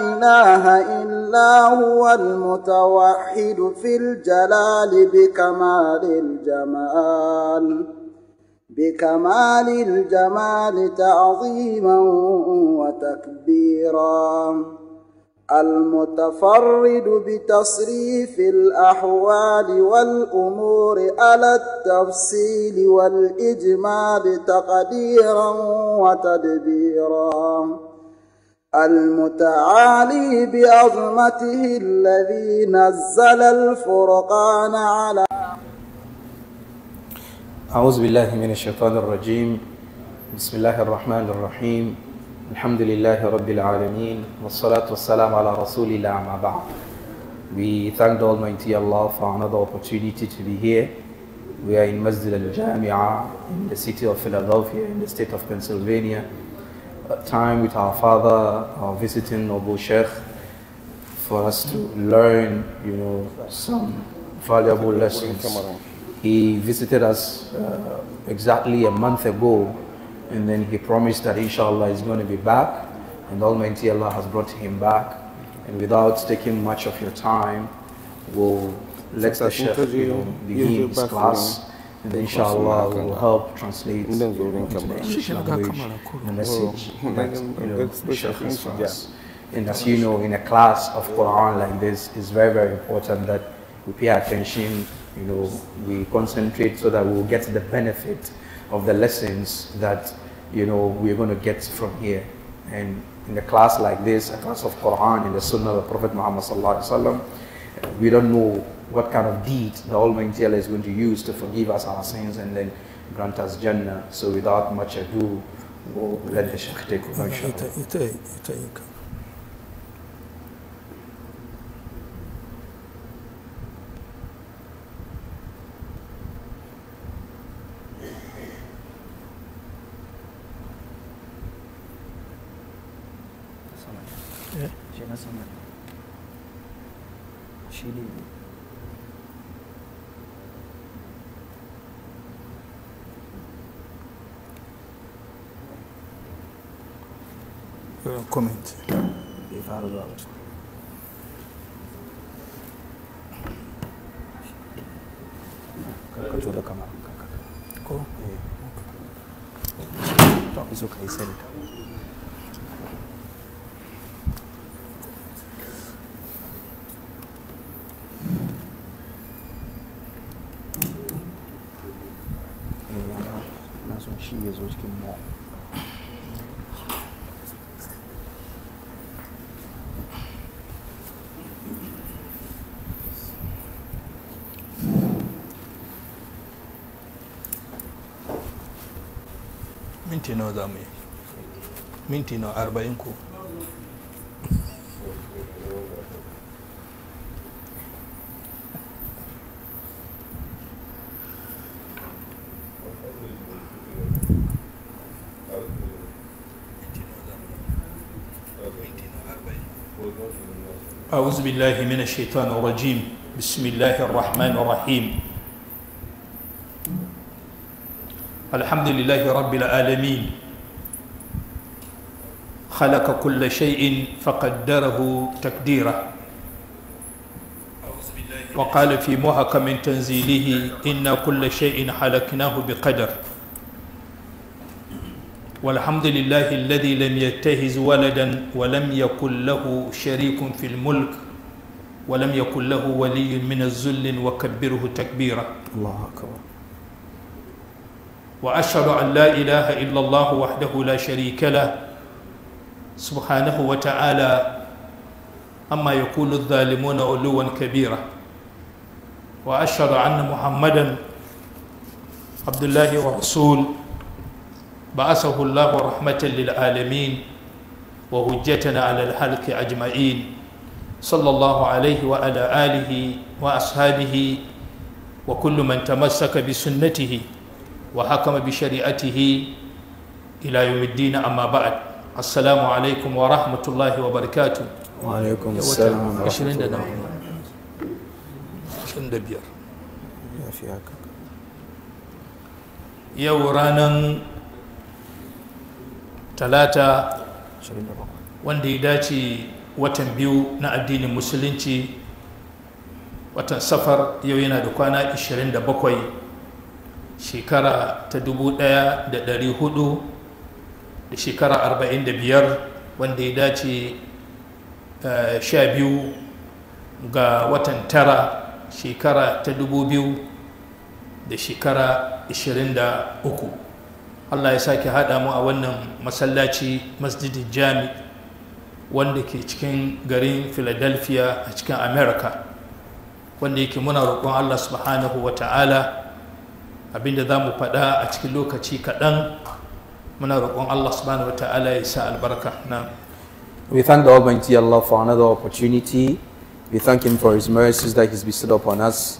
إله إلا هو المتوحد في الجلال بكمال الجمال بكمال الجمال تعظيما وتكبيرا المتفرد بتصريف الأحوال والأمور على التفصيل والإجمال تقديرا وتدبيرا المتعالي بعظمته الذي نزل الفرقان على أعوذ بالله من الشيطان الرجيم بسم الله الرحمن الرحيم الحمد لله رب العالمين والصلاة والسلام على رسول الله ما بعد We thank the Almighty Allah for another opportunity to be here. We are in Masjid al-Jami'ah in the city of Philadelphia in the state of Pennsylvania. time with our father, our visiting noble sheikh, for us to learn, you know, some valuable lessons. He visited us uh, exactly a month ago, and then he promised that inshallah he's going to be back, and Almighty Allah has brought him back. And without taking much of your time, we'll let the sheikh, you know, begin his class inshallah will help translate the, message you know, And as you know, in a class of Quran like this, it's very, very important that we pay attention, you know, we concentrate so that we'll get the benefit of the lessons that, you know, we're going to get from here. And in a class like this, a class of Quran and the Sunnah of the Prophet Muhammad sallallahu alaihi wasallam, we don't know what kind of deed the Almighty Allah is going to use to forgive us our sins and then grant us Jannah. So without much ado, we'll let the Shaykh take over inshallah. Yeah. comente. E fala do áudio. Ka tura kamar kanka. Ko? Eh. isso zo ka yi minti nawa za mu minti nawa arba'in ko أعوذ بالله من الشيطان الرجيم بسم الله الرحمن الرحيم الحمد لله رب العالمين خلق كل شيء فقدره تقديره وقال في محكم تنزيله إن كل شيء حلقناه بقدر والحمد لله الذي لم يتهز ولدا ولم يكن له شريك في الملك ولم يكن له ولي من الذل وكبره تكبيرا الله أكبر وأشهد أن لا إله إلا الله وحده لا شريك له سبحانه وتعالى أما يكون الظالمون علوا كبيرا وأشهد أن محمدا عبد الله ورسول بعثه الله رحمة للعالمين وهجتنا على الحلق أجمعين صلى الله عليه وعلى آله وأصحابه وكل من تمسك بسنته wa hakama bi shari'atihi ila yawmiddin amma ba'd assalamu alaikum wa rahmatullahi wa barakatuh yau ranar talata wanda ya dace watan biyu na addinin musulunci watan safar yau yana da kwana 27 shekara ta ɗaya da ɗari shekara biyar wanda ya dace eh, sha biyu ga watan tara shekara ta 2000 da shekara uku. Allah ya sake haɗa mu a wannan masallaci masjidin jami wanda ke cikin garin philadelphia a cikin america wanda yake muna roƙon Allah subhanahu wa ta'ala abinda za mu faɗa a cikin lokaci kaɗan muna roƙon Allah subhanahu wa ta'ala ya sa albarka na We thank the Almighty Allah for another opportunity. We thank Him for His mercies that He's bestowed upon us.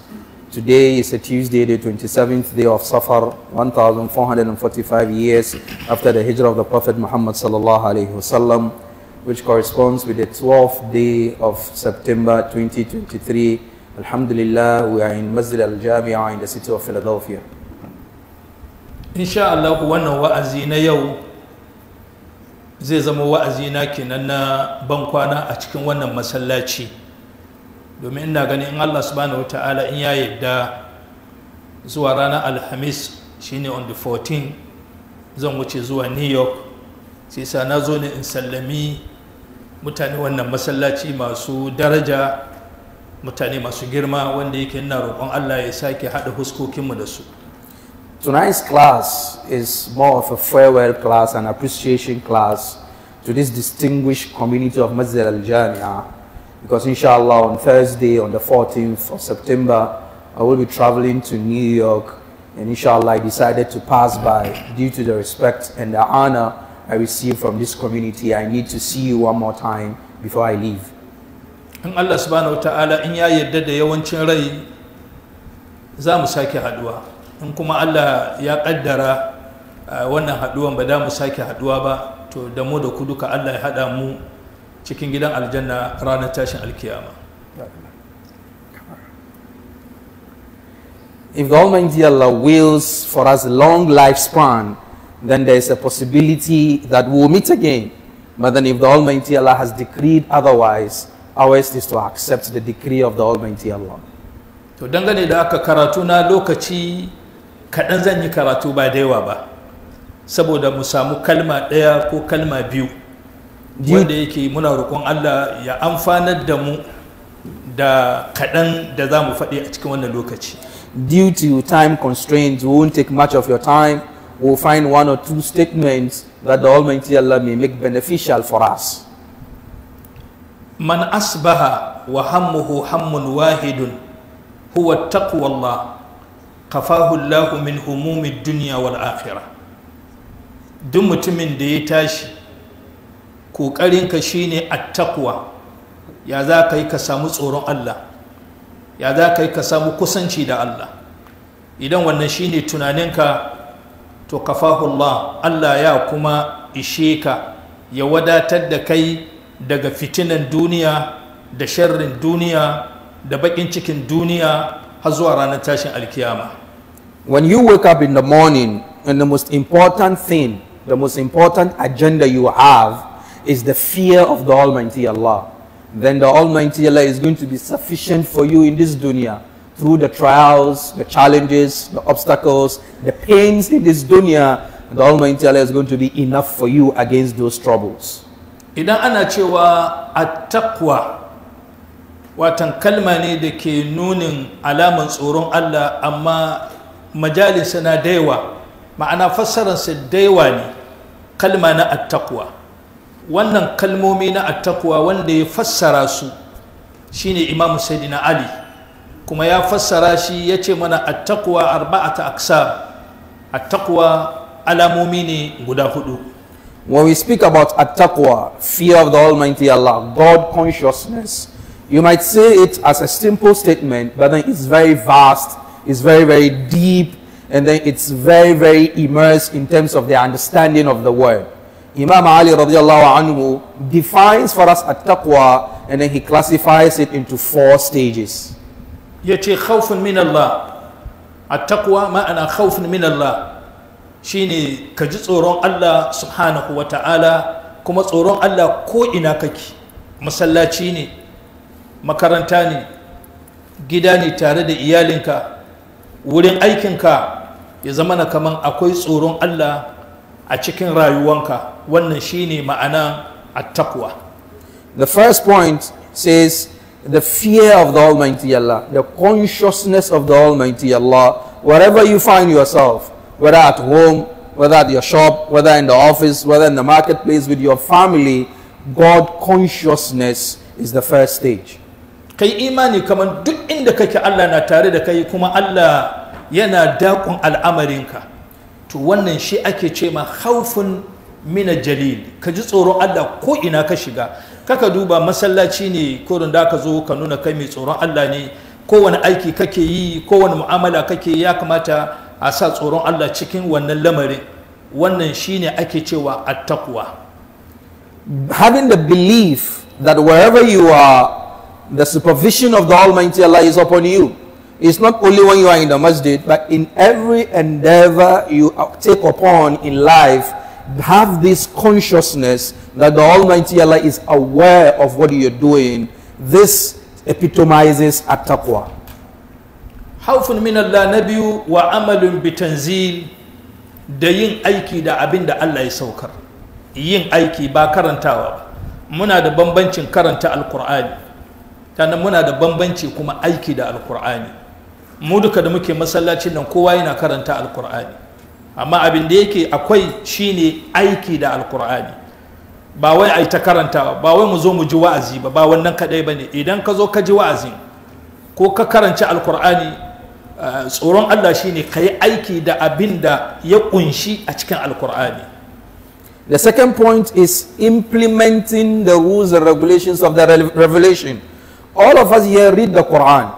Today is a Tuesday, the 27th day of Safar, 1445 years after the hijrah of the Prophet Muhammad sallallahu alaihi wasallam, which corresponds with the 12th day of September 2023. Alhamdulillah, we are in Masjid al-Jami'ah in the city of Philadelphia. insha Allah wannan wa'azi na yau zai zama wa'azi na kenan na ban kwana a cikin wannan masallaci domin ina ganin in Allah subhanahu Wata'ala in ya yadda zuwa ranar alhamis shine on the 14 zan wuce zuwa new york sai sa na zo ne in sallami mutane wannan masallaci masu daraja mutane masu girma wanda yake ina roƙon Allah ya sake haɗa huskokinmu da su Tonight's class is more of a farewell class and appreciation class to this distinguished community of Masjid al Jannah, because inshallah on Thursday on the 14th of September I will be traveling to New York and inshallah I decided to pass by due to the respect and the honor I receive from this community. I need to see you one more time before I leave. In Allah subhanahu wa ta'ala in ya yadda da yawancin za in kuma allah ya kaddara wannan haduwan ba da mu sake haduwa ba to da mu da ku duka allah ya hada mu cikin gidan aljanna ranar tashin alkiyama If the Almighty Allah wills for us a long lifespan, then there is a possibility that we will meet again. But then if the Almighty Allah has decreed otherwise, ours is to accept the decree of the Almighty Allah. To dangane da aka karatu na lokaci kaɗan zan yi karatu ba da yawa ba saboda mu samu kalma ɗaya ko kalma biyu wanda yake muna roƙon allah ya amfanar da mu da kaɗan da za mu faɗi a cikin wannan lokaci due to time constraints we won't take much of your time we'll find one or two statements that the almighty allah may make beneficial for us man asbaha wa hammuhu hammun wahidun huwa taqwallah kafahu Allahu min humumi duniya wal akhirah duk mutumin da ya tashi kokarin ka shine attaqwa ya za ka yi ka samu tsoron Allah ya za ka yi ka samu kusanci da Allah idan wannan shine tunaninka to kafahu Allah Allah ya kuma ishe ka ya wadatar da kai daga fitinan duniya da sharrin duniya da bakin cikin duniya har zuwa ranar tashin alkiyama When you wake up in the morning, and the most important thing, the most important agenda you have is the fear of the Almighty Allah. Then the Almighty Allah is going to be sufficient for you in this dunya through the trials, the challenges, the obstacles, the pains in this dunya. The Almighty Allah is going to be enough for you against those troubles. Idan ana cewa at-taqwa watan kalma ne nunin alaman tsoron Allah amma majalisa na daiwa ma'ana fassararsa daiwa ne kalma na attakuwa wannan kalmomi na attakuwa wanda ya fassara su shine imamu sayyidina ali kuma ya fassara shi ya ce mana attakuwa arba'ata aksa attakuwa alamomi ne guda hudu When we speak about attakwa fear of the Almighty Allah, God consciousness, you might say it as a simple statement, but then it's very vast is very, very deep, and then it's very, very immersed in terms of their understanding of the word. Imam Ali radiallahu anhu defines for us at-taqwa and then he classifies it into four stages. yace khawfun min Allah at-taqwa ma'ana khawfun min Allah shine ka ji Allah subhanahu wa ta'ala kuma tsoron Allah ko ina kake masallaci ne makaranta ne gida wurin aikinka ya zama kaman akwai tsoron Allah a cikin rayuwanka wannan shine ma'ana at-taqwa the first point says the fear of the almighty Allah the consciousness of the almighty Allah wherever you find yourself whether at home whether at your shop whether in the office whether in the marketplace with your family god consciousness is the first stage kai imani kamar duk inda kake Allah na tare da kai kuma Allah yana dakon al'amarinka to wannan shi ake ce ma haufin mina jalil ka ji tsoron Allah ko ina ka shiga kaka duba masallaci ne ko da ka zo ka nuna kai mai tsoron Allah ne kowane aiki kake yi kowane mu'amala kake ya kamata a sa tsoron Allah cikin wannan lamarin wannan shi ne ake cewa attaqwa having the belief that wherever you are the supervision of the Almighty Allah is upon you. It's not only when you are in the masjid, but in every endeavor you take upon in life, have this consciousness that the Almighty Allah is aware of what you're doing. This epitomizes at taqwa. خوف من الله wa amalun بتنزيل da yin aiki da abinda Allah ya saukar yin aiki ba karantawa muna da bambancin karanta nan muna da bambanci kuma aiki da alkur'ani mu duka da muke masallacin nan kowa yana karanta alkur'ani amma abin da yake akwai shine aiki da alkur'ani ba wai ai ta karantawa ba wai mu zo mu ji wa'azi ba ba wannan kadai bane idan ka zo ka ji wa'azin ko ka karanci alkur'ani eh, tsoron Allah shine ka aiki da abin da ya kunshi a cikin alkur'ani The second point is implementing the rules and regulations of the revelation. All of us here read the Quran.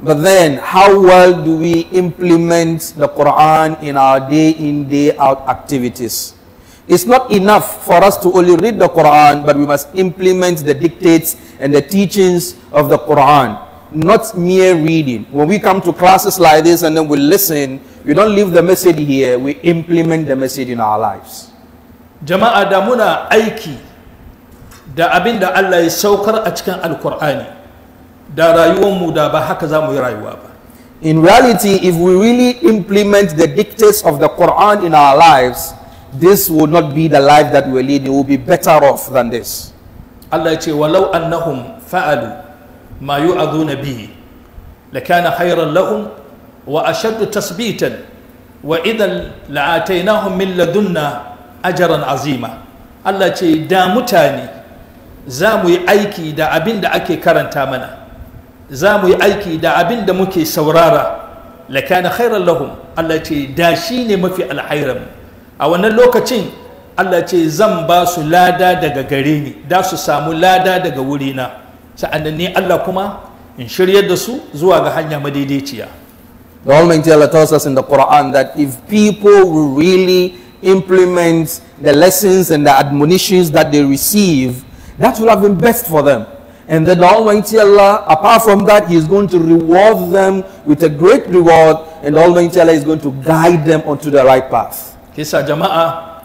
But then, how well do we implement the Quran in our day in, day out activities? It's not enough for us to only read the Quran, but we must implement the dictates and the teachings of the Quran, not mere reading. When we come to classes like this and then we listen, we don't leave the message here, we implement the message in our lives. Jama'a da muna aiki da abin Allah ya saukar a cikin da rayuwanmu da ba haka za mu yi rayuwa ba in reality if we really implement the dictates of the quran in our lives this would not be the life that we're leading we'll be better off than this allah ce walau annahum fa'alu ma yu'aduna bihi lakana khayran lahum wa ashaddu tasbitan wa idan la'ataynahum min ladunna ajaran azima allah ce da mutane za mu yi aiki da abin da ake karanta mana za mu yi aiki da abin da muke saurara lakana khairan lahum Allah ce da shi ne mafi alhairan a wannan lokacin Allah ce zan ba su lada daga gare ni da su samu lada daga wurina sa'annan ne Allah kuma in shiryar da su zuwa ga hanya madaidaiciya The Almighty Allah tells us in the Quran that if people will really implement the lessons and the admonitions that they receive, that will have been best for them. And then Almighty Allah, apart from that, He is going to reward them with a great reward, and Almighty Allah is going to guide them onto the right path. Kisa jama'a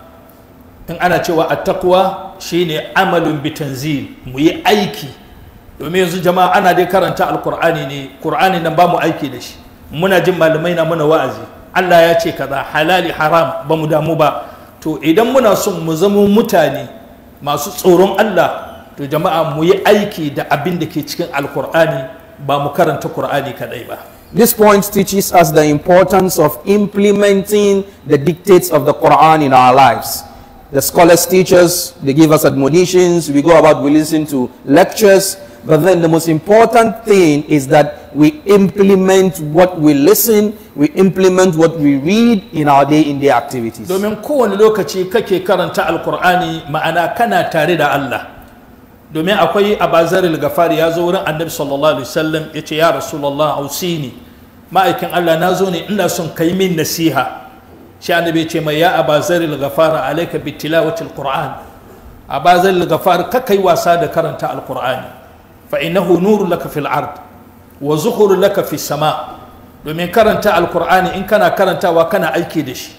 in ana cewa at-taqwa shine amalun bitanzil mu yi aiki domin yanzu jama'a ana dai karanta alqur'ani ne qur'ani nan ba mu aiki da shi muna jin malamai na muna wa'azi Allah ya ce kaza halali haram ba mu damu ba to idan muna son mu zama mutane masu tsoron Allah to jama'a mu yi aiki da abin da ke cikin alkur'ani ba mu karanta qur'ani kadai ba This point teaches us the importance of implementing the dictates of the Quran in our lives. The scholars teach us, they give us admonitions, we go about, we listen to lectures, but then the most important thing is that we implement what we listen, we implement what we read in our day-in-day activities. Domin kowane lokaci kake karanta Alkur'ani ma'ana kana tare da Allah. domin akwai abazaril gafari ya zo wurin annabi sallallahu alaihi wasallam ya ce ya rasulullah ausini ma'aikin allah na zo ne ina son kai min nasiha shi annabi ya ce mai ya abazaril gafara alaika bi tilawatil qur'an abazaril gafar ka kai wasa da karanta alqur'ani fa innahu nurun laka fil ard wa zuhurun laka fi sama domin karanta alqur'ani in kana karantawa kana aiki da shi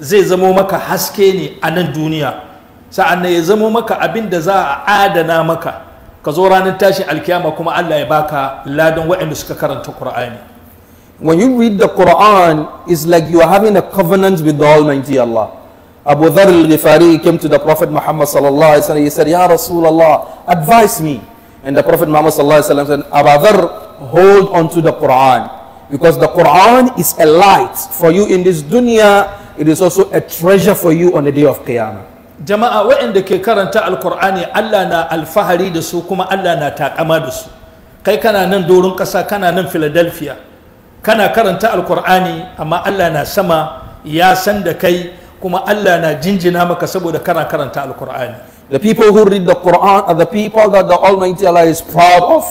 zai zamo maka haske ne a nan duniya sa'anne ya zama maka abin da za a adana maka ka zo ranar tashin alkiyama kuma Allah ya baka ladan waɗanda suka karanta Qur'ani when you read the Quran is like you are having a covenant with the Almighty Allah Abu Dharr al-Ghifari came to the Prophet Muhammad sallallahu alaihi wasallam he said ya Rasulullah advise me and the Prophet Muhammad sallallahu alaihi wasallam said Abu Dharr hold on to the Quran because the Quran is a light for you in this dunya it is also a treasure for you on the day of Qiyamah jama'a waɗanda ke karanta alkur'ani allah na alfahari da su kuma allah na takama da su kai kana nan doron ƙasa kana nan philadelphia kana karanta alkur'ani amma allah na sama ya san da kai kuma allah na jinjina maka saboda kana karanta alkur'ani the people who read the quran are the people that the almighty allah is proud of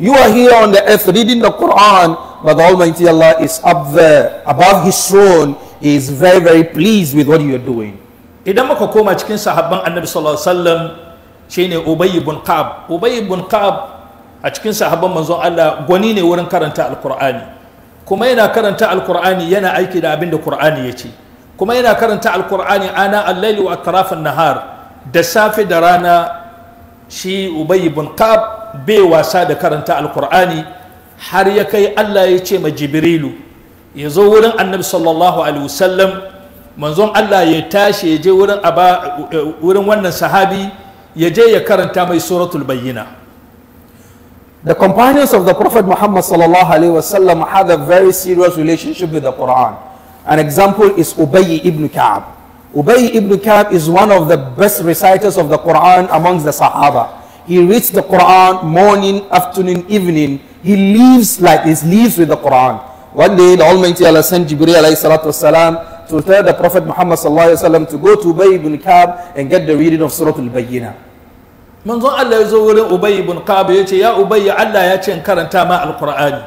you are here on the earth reading the quran but the almighty allah is up there above his throne he is very very pleased with what you are doing idan muka koma cikin sahabban annabi sallallahu alaihi wasallam shine ubay ibn qab ubay ibn qab a cikin sahabban manzon Allah gwani ne wurin karanta alqur'ani kuma yana karanta alqur'ani yana aiki da abin da qur'ani yace kuma yana karanta alqur'ani ana al-layli wa nahar da safe da rana shi ubay ibn qab bai wasa da karanta alqur'ani har ya kai Allah ya ce ma jibrilu ya zo wurin annabi sallallahu alaihi wasallam manzon Allah ya tashi ya je wurin wannan sahabi ya je ya karanta mai suratul bayyina The companions of the Prophet Muhammad sallallahu alaihi wasallam had a very serious relationship with the Quran. An example is Ubay ibn Ka'ab. Ubay ibn Ka'ab is one of the best reciters of the Quran amongst the Sahaba. He reads the Quran morning, afternoon, evening. He lives like this, lives with the Quran. One day the Almighty Allah sent Jibreel alayhi salatu wasalam to tell the Prophet Muhammad sallallahu alaihi wasallam to go to Ubay ibn Kab and get the reading of Surah Al-Bayyina. Manzo Allah ya zo wurin Ubay ibn Kab ya ce ya Ubay Allah ya ce in karanta ma Al-Qur'ani.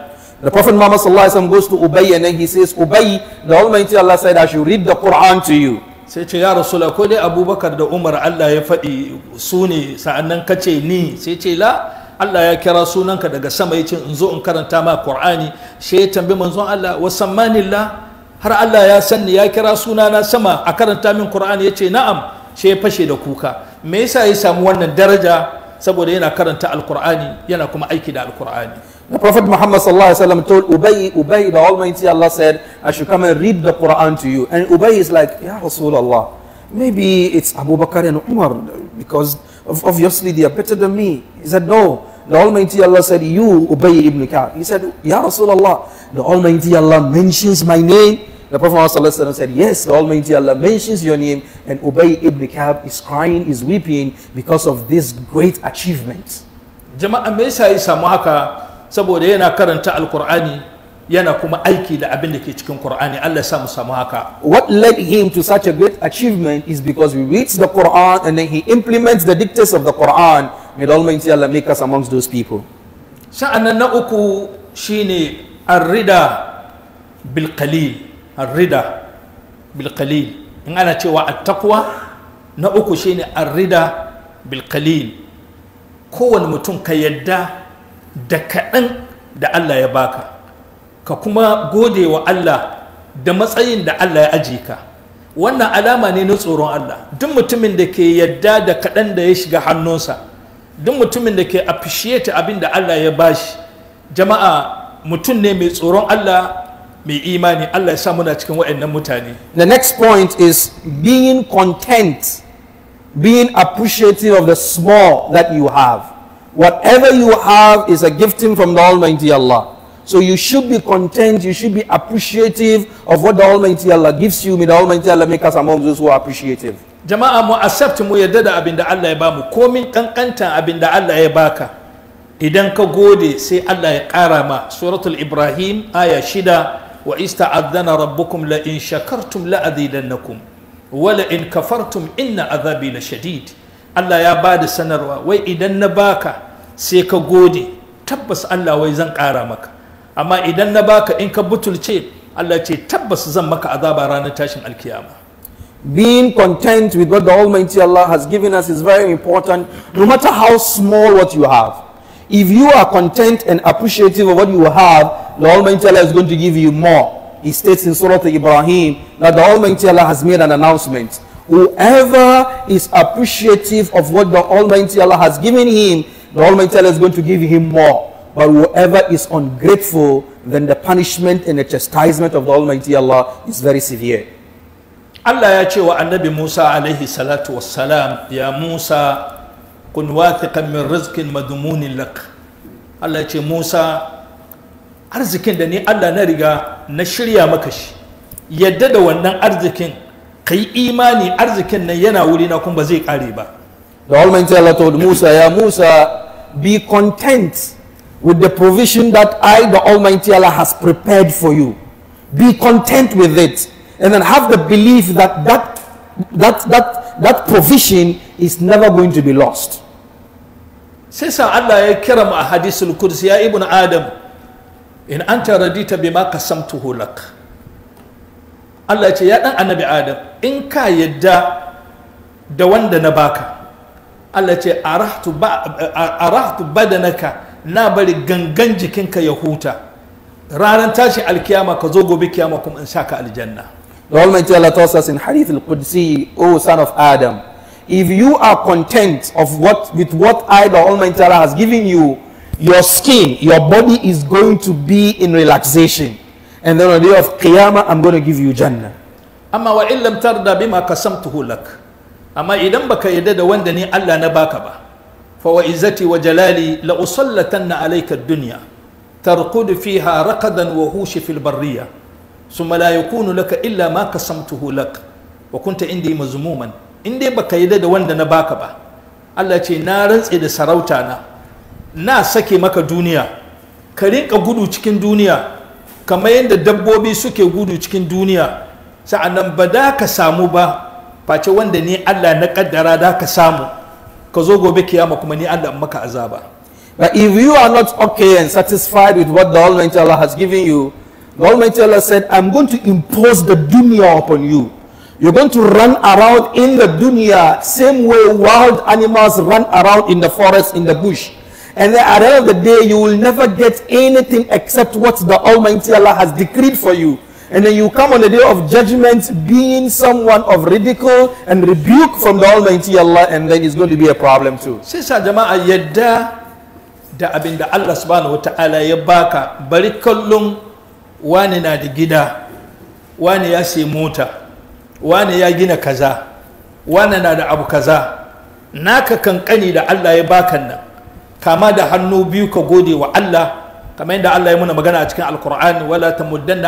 The Prophet Muhammad sallallahu alaihi wasallam goes to Ubay and then he says Ubay the Almighty Allah said I should read the Quran to you. sai ce ya Rasulullah ko dai abubakar da umar allah ya faɗi su ne sa'annan ka ce ni sai ce la Allah ya kira sunanka daga sama ya ce in zo in karanta ma Qur'ani sai ya tambi manzon Allah wa sammanillah har Allah ya sanni ya kira sunana sama a karanta min Qur'ani yace na'am sai ya fashe da kuka me yasa ya samu wannan daraja saboda yana karanta alqur'ani yana kuma aiki da alqur'ani The Prophet Muhammad sallallahu alaihi wasallam told Ubay Ubay the Almighty Allah said I should come and read the Quran to you and Ubay is like ya rasul allah maybe it's Abu Bakr and Umar because of, obviously they are better than me he said no The Almighty Allah said, You, Ubay ibn Ka'b. He said, Ya Rasulullah, the Almighty Allah mentions my name. The Prophet ﷺ said, Yes, the Almighty Allah mentions your name. And Ubay ibn Ka'b is crying, is weeping because of this great achievement. Jama'a me yasa ya saboda yana karanta Alkur'ani yana kuma aiki da abin ke cikin Qur'ani Allah ya samu samu What led him to such a great achievement is because he reads the Qur'an and then he implements the dictates of the Qur'an May the Almighty Allah make us amongst those people. Sha'anan na uku ne arrida bil arrida bil in ana cewa attaqwa na uku shi ne arrida bil kowane mutum ka yadda da kaɗan da Allah ya baka ka kuma gode wa Allah da matsayin da Allah ya ajiye ka wannan alama ne na tsoron Allah duk mutumin da ke yadda da kaɗan da ya shiga hannunsa duk mutumin da ke appreciate abin da Allah ya bashi jama'a mutum ne mai tsoron Allah mai imani Allah ya sa muna cikin waɗannan mutane the next point is being content being appreciative of the small that you have whatever you have is a gifting from the almighty Allah so you should be content you should be appreciative of what the almighty Allah gives you may the almighty Allah make us among those who are appreciative jama'a mu accept mu yadda da abin da Allah ya bamu komin kankantan abin da Allah ya baka idan ka gode sai Allah ya ƙara ma suratul ibrahim aya shida wa ista'adhana rabbukum la in shakartum la azidannakum wa la in kafartum inna azabi la shadid Allah ya ba da sanarwa wai idan na baka sai ka gode tabbas Allah wai zan ƙara maka amma idan na baka in ka butulce Allah ce tabbas zan maka azaba ranar tashin alkiyama being content with what the Almighty Allah has given us is very important, no matter how small what you have. If you are content and appreciative of what you have, the Almighty Allah is going to give you more. He states in Surah Ibrahim that the Almighty Allah has made an announcement. Whoever is appreciative of what the Almighty Allah has given him, the Almighty Allah is going to give him more. But whoever is ungrateful, then the punishment and the chastisement of the Almighty Allah is very severe. Allah ya ce wa annabi Musa alaihi salatu wassalam ya Musa kun wathiqan min rizqin madmunin lak Allah ya ce Musa arzikin da ni Allah na riga na shirya maka shi yadda da wannan arzikin ka yi imani arzikin nan yana wuri na kuma ba zai kare ba The Almighty Allah told Musa ya Musa be content with the provision that I the Almighty Allah has prepared for you be content with it and then have the belief that that, that, that, that provision is never going to be lost. sai sa Allah ya kirama mu a hadisul kursi ya ibn adam in anta radita bima qasamtuhu lak Allah ya ce ya dan annabi adam in ka yadda da wanda na baka Allah ya ce arahtu ba arahtu badanaka na bari gangan jikinka ya huta ranar tashi alkiyama ka zo gobe kiyama kuma in saka aljanna The Almighty Allah tells us in Hadith al-Qudsi, O son of Adam, if you are content of what with what I, the Almighty Allah, has given you, your skin, your body is going to be in relaxation. And then on the day of Qiyamah, I'm going to give you Jannah. Amma wa illam tarda bima kasamtuhu lak. Amma idan baka yadada da wanda ni Allah na ba. Fa wa wa jalali la usallatanna alayka ad-dunya. tarqudu fiha raqadan wa hushi fil barriya. summa kunu yakunu laka illa ma ka lak wa kunta indi mazmuman in dai baka yi da wanda na baka ba Allah ce na rantse da sarauta na na sake maka duniya ka rinka gudu cikin duniya kamar yadda dabbobi suke gudu cikin duniya nan ba da ka samu ba face wanda ni Allah na kaddara da ka samu ka zo gobe kiyama kuma ni Allah maka azaba but if you are not okay and satisfied with what the Almighty Allah has given you The Almighty Allah said, I'm going to impose the dunya upon you. You're going to run around in the dunya, same way wild animals run around in the forest, in the bush. And then at the end of the day, you will never get anything except what the Almighty Allah has decreed for you. And then you come on the day of judgment being someone of ridicule and rebuke from the Almighty Allah, and then it's going to be a problem too. Sisa jama'a da Allah subhanahu wa ta'ala ya baka bari kullum wani na da gida wani ya sai mota wani ya gina kaza wani na da abu kaza naka kankani da Allah ya baka nan kama da hannu biyu ka gode wa Allah kamar yadda Allah ya muna magana a cikin alkur'ani wala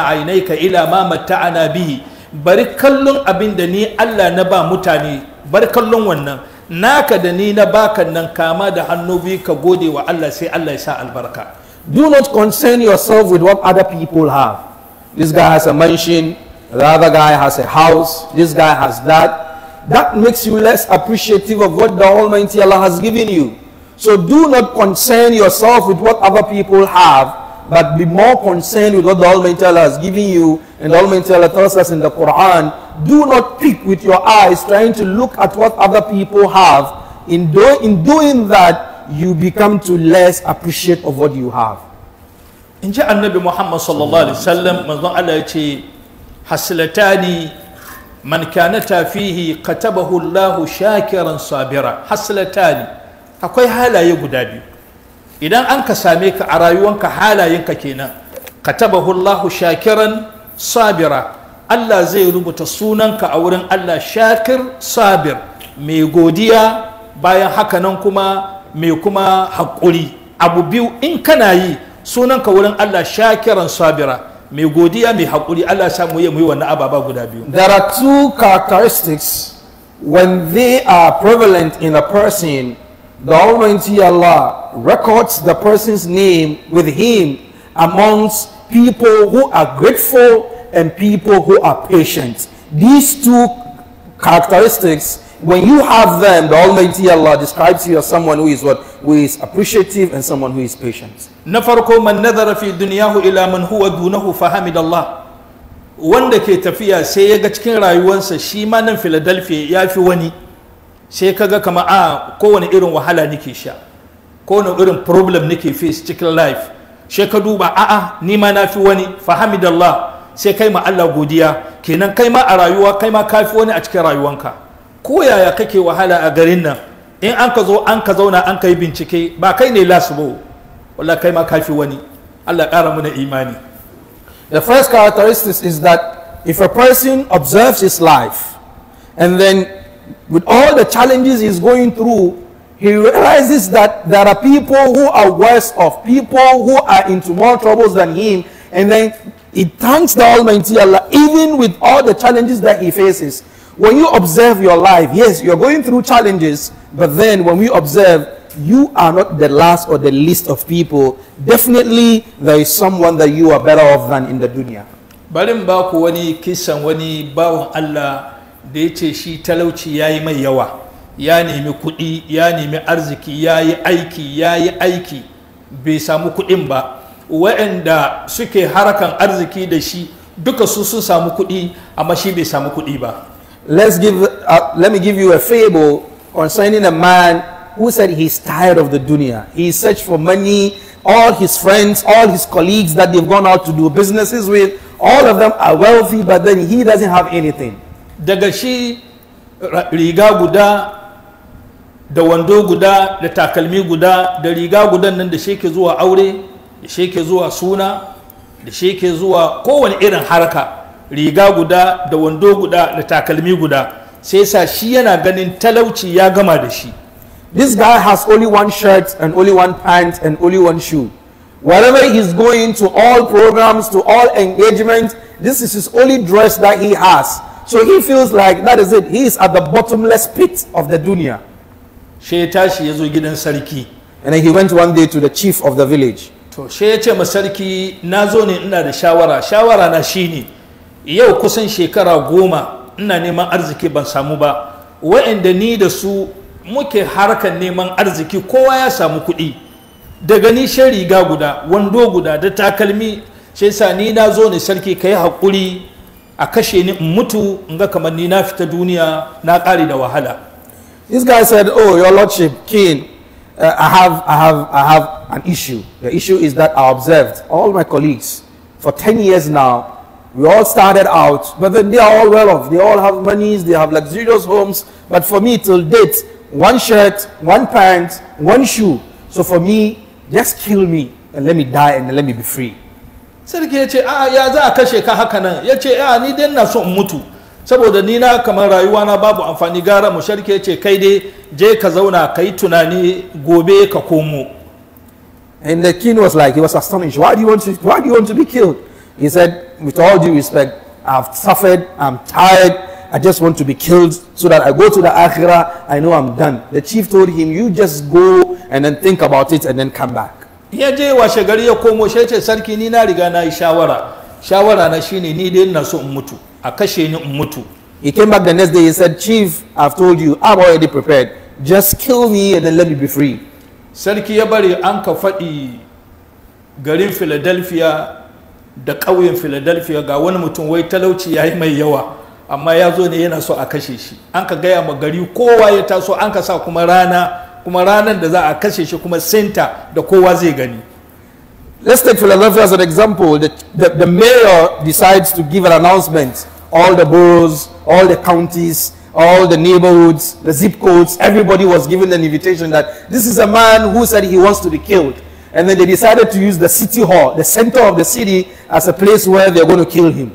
ainai ka ila ma matta'ana bihi bari kallon abin da ni Allah na ba mutane bari kallon wannan naka da ni na baka nan kama da hannu biyu ka gode wa Allah sai Allah ya sa albarka Do not concern yourself with what other people have. This guy has a mansion, the other guy has a house, this guy has that. That makes you less appreciative of what the Almighty Allah has given you. So do not concern yourself with what other people have, but be more concerned with what the Almighty Allah has given you. And the Almighty Allah tells us in the Quran, do not peek with your eyes trying to look at what other people have. In, do in doing that, you become to less appreciate of what you have in ji annabi muhammad sallallahu alaihi wasallam manzon Allah ya ce haslatani man kanata fihi katabahu Allah shakiran sabira Hasilatani akwai halaye guda biyu idan an ka same ka a rayuwanka halayenka kenan katabahu Hullahu shakiran sabira Allah zai rubuta sunanka a wurin Allah shakir sabir mai godiya bayan haka nan kuma mai kuma haƙuri abu biyu in kana yi sunanka wurin Allah shakiran sabira mai godiya mai haƙuri Allah sa mu mu yi wannan ababa guda biyu there are two characteristics when they are prevalent in a person the almighty Allah records the person's name with him amongst people who are grateful and people who are patient these two characteristics When you have them, the Almighty Allah describes you as someone who is what? Who is appreciative and someone who is patient. Na farko man nazara fi dunyahu ila man huwa dunahu Wanda ke tafiya sai ya ga cikin rayuwarsa shi ma nan Philadelphia ya fi wani sai kaga kama a ah, kowane irin wahala nake sha kowane irin problem nake face cikin life sai ka duba a'a ni ma na fi wani fahimdallah sai kai ma Allah godiya kenan kai ma a rayuwa kai ma kafi wani a cikin rayuwanka ko yaya kake wahala a garin nan in an ka zo an ka zauna an ka yi bincike ba kai ne lasubo wallah kai ma kafi wani Allah ƙara mana imani the first characteristic is that if a person observes his life and then with all the challenges he's going through he realizes that there are people who are worse off people who are into more troubles than him and then he thanks the almighty Allah even with all the challenges that he faces when you observe your life, yes, you're going through challenges, but then when we observe, you are not the last or the least of people. Definitely, there is someone that you are better off than in the dunya. Barin ba ku wani kisan wani bawan Allah da ya ce shi talauci ya yi mai yawa, ya nemi kuɗi, ya nemi arziki, ya aiki, ya aiki, bai samu kuɗin ba. Wa'anda suke harakan arziki da shi duka su sun samu kuɗi, amma shi bai samu kuɗi ba. Let's give, uh, let me give you a fable concerning a man who said he's tired of the dunya. He searched for money. All his friends, all his colleagues that they've gone out to do businesses with, all of them are wealthy, but then he doesn't have anything. Daga riga guda da wando guda da takalmi guda da riga gudan nan da shi ke zuwa aure da shi zuwa suna da shi ke zuwa kowane irin harka riga guda da wando guda da takalmi guda sai sa shi yana ganin talauci ya gama da shi this guy has only one shirt and only one pant and only one shoe wherever he's going to all programs to all engagements this is his only dress that he has so he feels like that is it he is at the bottomless pit of the dunya tashi gidan sarki and then he went one day to the chief of the village to she ya ce ma sarki na ne ina da shawara shawara na shine yau kusan shekara goma ina neman arziki ban samu ba wa'inda ni da su muke harkar neman arziki kowa ya samu kuɗi daga ni shan riga guda wando guda da takalmi sai sa ni na zo ne sarki ka yi haƙuri a kashe ni in mutu in ga kamar ni na fita duniya na ƙari da wahala this guy said oh your lordship king uh, i have i have i have an issue the issue is that i observed all my colleagues for 10 years now We all started out, but then they are all well off. They all have monies, they have luxurious homes. But for me, till date, one shirt, one pants, one shoe. So for me, just kill me and let me die and let me be free. Sarki ya ce, a ya za a kashe ka haka nan, ya ce, a ni dai na so in mutu, saboda ni na kamar rayuwa na babu amfani gara mu sharki ya ce, kai dai je ka zauna ka yi tunani gobe ka komo. And the king was like, he was astonished, why do you want to, why do you want to be killed? He said, with all due respect, I've suffered, I'm tired, I just want to be killed so that I go to the Akhirah, I know I'm done. The chief told him, you just go and then think about it and then come back. ya je washe ya komo shi ce sarki ni na riga na shawara shawara na shine ni dai na so in mutu a kashe ni in mutu he came back the next day he said chief i've told you i'm already prepared just kill me and then let me be free sarki ya bari an ka garin philadelphia da ƙauyen philadelphia ga wani mutum wai talauci ya yi mai yawa amma ya zo ne yana so a kashe shi an ka gaya ma gari kowa ya taso an ka sa kuma rana kuma ranar da za a kashe shi kuma senta da kowa zai gani let's take philadelphia as an example the, the, the mayor decides to give an announcement all the boroughs all the counties all the neighborhoods the zip codes everybody was given an invitation that this is a man who said he wants to be killed And then they decided to use the city hall, the center of the city, as a place where they're going to kill him.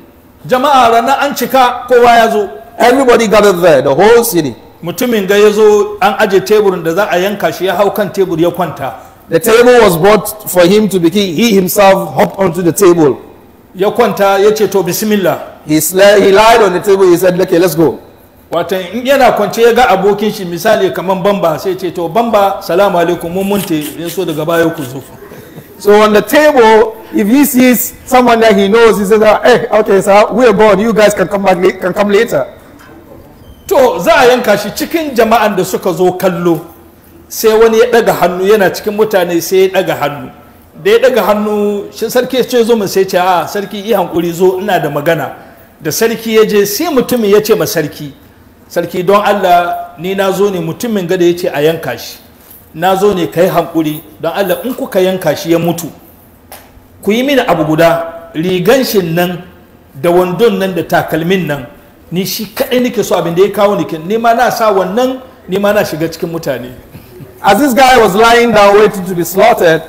Jama'a ranar an cika kowa ya zo. Everybody gathered there, the whole city. Mutumin ga ya zo an aje teburin da za a yanka shi ya hau kan tebur ya kwanta. The table was brought for him to be king. He himself hopped onto the table. Ya kwanta ya ce to bismillah. He, he lied on the table. He said, okay, let's go. wato in yana kwance ya ga abokin shi misali kamar bamba sai ce to bamba salamu alaikum mun munte ya so daga baya ku zo so on the table if he sees someone that he knows he says ah, eh hey, okay sir we are bored you guys can come back can come later to za a yanka shi cikin jama'an da suka zo kallo sai wani ya daga hannu yana cikin mutane sai ya daga hannu da ya daga hannu shi sarki ce zo mu sai ce a ah, sarki yi hankuri zo ina da magana da sarki ya je sai mutumin ya ce ma sarki sarki don Allah ni na zo ne mutumin gada ya ce a yanka shi na zo ne ka yi hankuri don Allah in kuka yanka shi ya mutu ku yi mini abu guda rigan shi nan da wandon nan da takalmin nan ni shi kaɗai nake so abin da ya kawo ni ni ma na sa wannan ni ma na shiga cikin mutane as this guy was lying down waiting to be slaughtered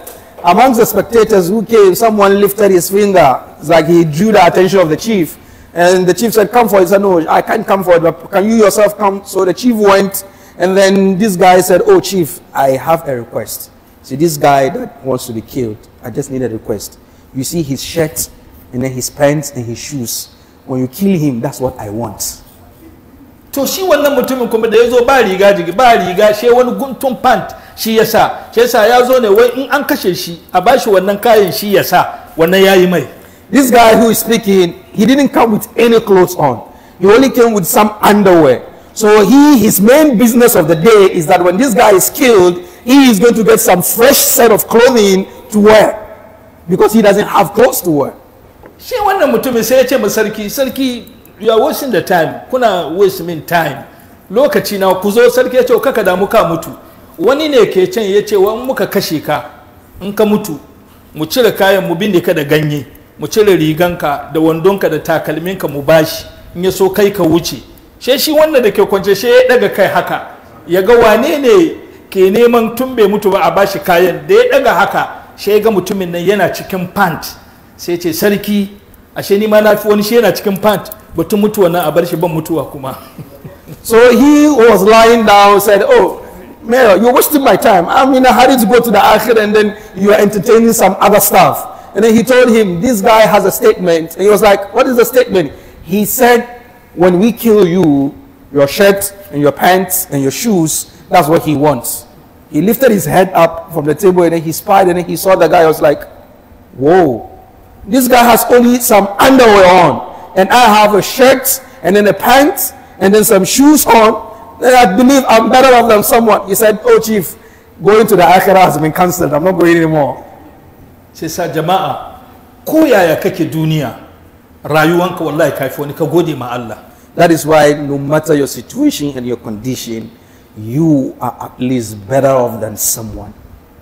amongst the spectators who came someone lifted his finger like he drew the attention of the chief And the chief said, come forward. He said, no, I can't come forward, but can you yourself come? So the chief went, and then this guy said, oh, chief, I have a request. See, this guy that wants to be killed, I just need a request. You see his shirt, and then his pants, and his shoes. When you kill him, that's what I want. to shi wannan mutumin kuma da ya zo ba riga jiki ba riga shi wani guntun pant shi ya sa shi ya sa ya zo ne wai in Ankashi. kashe shi a bashi wannan kayan shi ya sa wannan ya This guy who is speaking, he didn't come with any clothes on. He only came with some underwear. So he, his main business of the day is that when this guy is killed, he is going to get some fresh set of clothing to wear because he doesn't have clothes to wear. Shi wannan mutumin sai ya ce ma sarki, sarki, you are wasting the time, kuna waste me time. Lokaci na ku zo sarki ya ce oh, kaka damu ka mutu. Wani ne ke can ya ce wa muka kashe ka in ka mutu mu cire kayan mu binne ka da ganye. mu cire riganka da wandonka da takalminka mu bashi in ya so kai ka wuce she shi wannan da ke kwance she ya daga kai haka ya ga wane ne ke neman tun bai mutu ba a bashi kayan da ya daga haka she ga mutumin nan yana cikin pant sai ce sarki ashe ni ma na fi wani shi yana cikin pant batun mutuwa nan a bar shi ban mutuwa kuma so he was lying down said oh mayor you're wasting my time i'm in a hurry to go to the akhir and then you are entertaining some other stuff And then he told him, This guy has a statement. And he was like, What is the statement? He said, When we kill you, your shirt and your pants and your shoes, that's what he wants. He lifted his head up from the table and then he spied and then he saw the guy. I was like, Whoa, this guy has only some underwear on. And I have a shirt and then a pants and then some shoes on. And I believe I'm better off than someone. He said, Oh, chief, going to the Akhirah has been cancelled. I'm not going anymore. sai sa jama'a ko yaya kake duniya rayuwanka wallahi ka fi wani ka gode ma Allah that is why no matter your situation and your condition you are at least better off than someone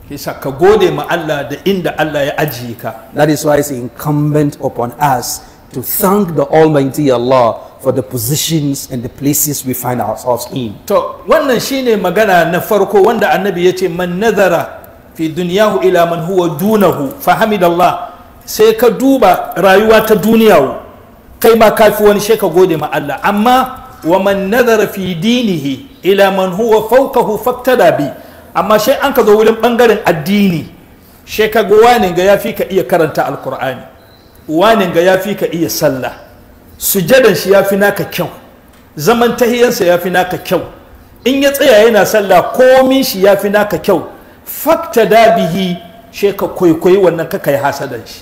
kisa ka gode ma Allah da inda Allah ya ajiye ka that is why it's incumbent upon us to thank the almighty Allah for the positions and the places we find ourselves in to wannan shine magana na farko wanda annabi yace man nazara fi duniyahu ila man huwa dunahu fahamidallah sai ka duba rayuwa ta duniya kai ma kafi wani shi ka gode ma Allah amma wa man nazara fi dinihi ila man huwa fawqahu fabtada bi amma shi an ka zo wurin bangaren addini shi ka ga wani ga yafi ka iya karanta alqur'ani wani ga yafi ka iya sallah sujadan shi yafi naka kyau zaman tahiyansa yafi naka kyau in ya tsaya yana sallah komin shi yafi naka kyau faktada bihi she ka wannan ka kai hasadan shi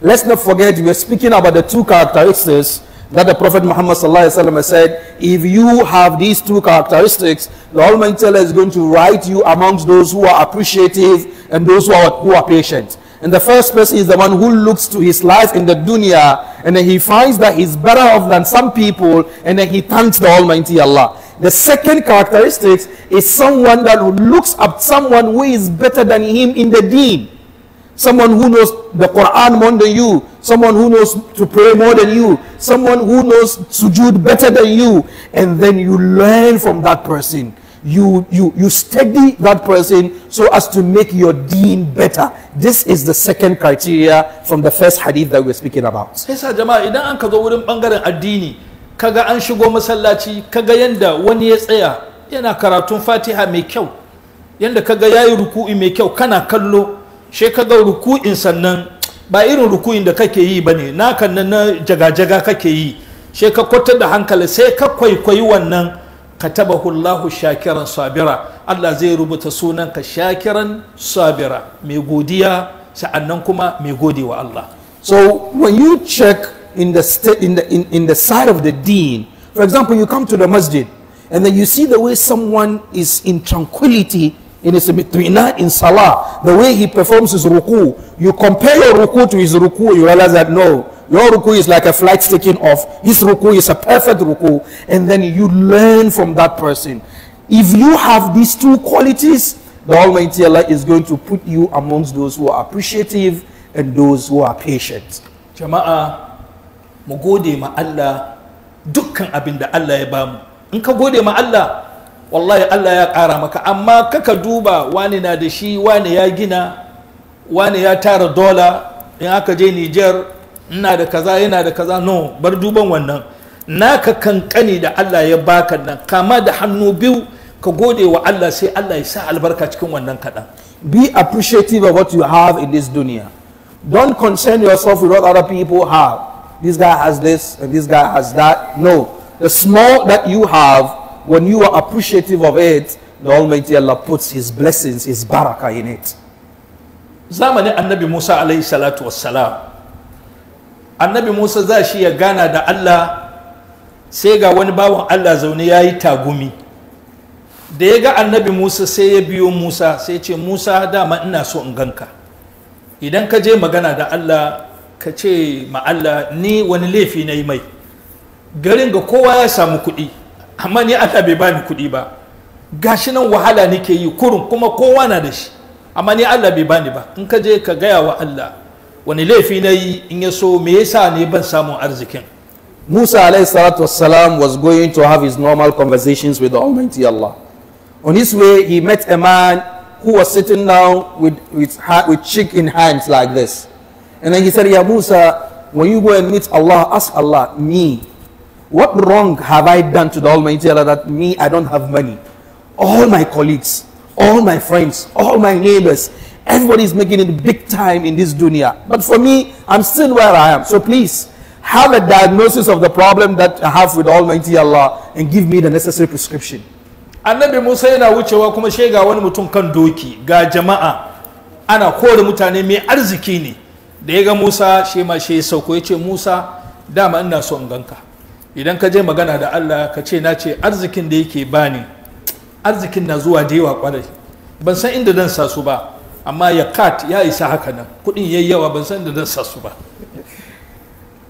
let's not forget we are speaking about the two characteristics that the prophet muhammad sallallahu alaihi wasallam said if you have these two characteristics the almighty Allah is going to write you amongst those who are appreciative and those who are who are patient and the first person is the one who looks to his life in the dunya and then he finds that he's better off than some people and then he thanks the Almighty Allah. The second characteristic is someone that looks at someone who is better than him in the deed. Someone who knows the Quran more than you. Someone who knows to pray more than you. Someone who knows sujood better than you. And then you learn from that person. You, you, you study that person so as to make your deen better. This is the second criteria from the first hadith that we're speaking about. kaga an shigo masallaci kaga yanda wani ya tsaya yana karatun fatiha mai kyau yanda kaga yayi ruku'i mai kyau kana kallo she kaga ruku'in sannan ba irin ruku'in da kake yi bane naka nan na jaga-jaga kake yi she ka kwatar da hankali sai ka kwaikwayi wannan katabahu Allahu shakiran sabira Allah zai rubuta sunan ka shakiran sabira mai godiya sa'annan kuma mai gode wa Allah so when you check in the, st- in, the, in, in the side of the deen. For example, you come to the masjid and then you see the way someone is in tranquility in his mitwina, in salah, the way he performs his ruku. You compare your ruku to his ruku, you realize that no, your ruku is like a flight taking off. His ruku is a perfect ruku. And then you learn from that person. If you have these two qualities, the Almighty Allah is going to put you amongst those who are appreciative and those who are patient. Jama'ah. mu gode ma Allah dukkan abin da Allah ya bamu in ka gode ma Allah wallahi Allah ya kara maka amma kaka duba wani na da shi wani ya gina wani ya tara dola in aka je Nijar ina da kaza yana da kaza no bar duban wannan naka kankani da Allah ya baka nan kama da hannu biyu ka gode wa Allah sai Allah ya sa albarka cikin wannan kaɗan. be appreciative of what you have in this duniya. don't concern yourself with what other people have this guy has this and this guy has that. No. The small that you have, when you are appreciative of it, the Almighty Allah puts His blessings, His barakah in it. Zamanin annabi Musa alayhi salatu salam Annabi Musa za shi ya gana da Allah sai ga wani bawan Allah zaune ya yi tagumi. Da ya ga annabi Musa sai ya biyo Musa sai ce Musa dama ina so in ganka. Idan ka je magana da Allah ka ce ma'alla ni wani laifi na yi mai garin ga kowa ya samu kuɗi amma ni Allah bai bani kuɗi ba gashi nan wahala nake yi kurun kuma kowa na da shi amma ni Allah bai bani ba in ka je ka gaya wa Allah wani laifi na yi in ya so me yasa ne ban samun arzikin Musa alayhi salatu wassalam was going to have his normal conversations with the Almighty Allah on his way he met a man who was sitting down with with, with cheek in hands like this And then he said, Ya Musa, when you go and meet Allah, ask Allah, me, what wrong have I done to the Almighty Allah that me, I don't have money? All my colleagues, all my friends, all my neighbors, everybody is making it big time in this dunya. But for me, I'm still where I am. So please, have a diagnosis of the problem that I have with Almighty Allah and give me the necessary prescription. Annabi Musa yana wucewa kuma shega wani mutum kan doki ga jama'a ana kore mutane mai arziki ne da ya ga musa shi ma shi sauko ya ce musa dama ina so in ganka idan ka je magana da allah ka ce na ce arzikin da yake bani arzikin na zuwa da yawa kwarai ban san inda dan sa ba amma ya kat ya isa haka nan kudin yayi yawa ban san inda dan sa su ba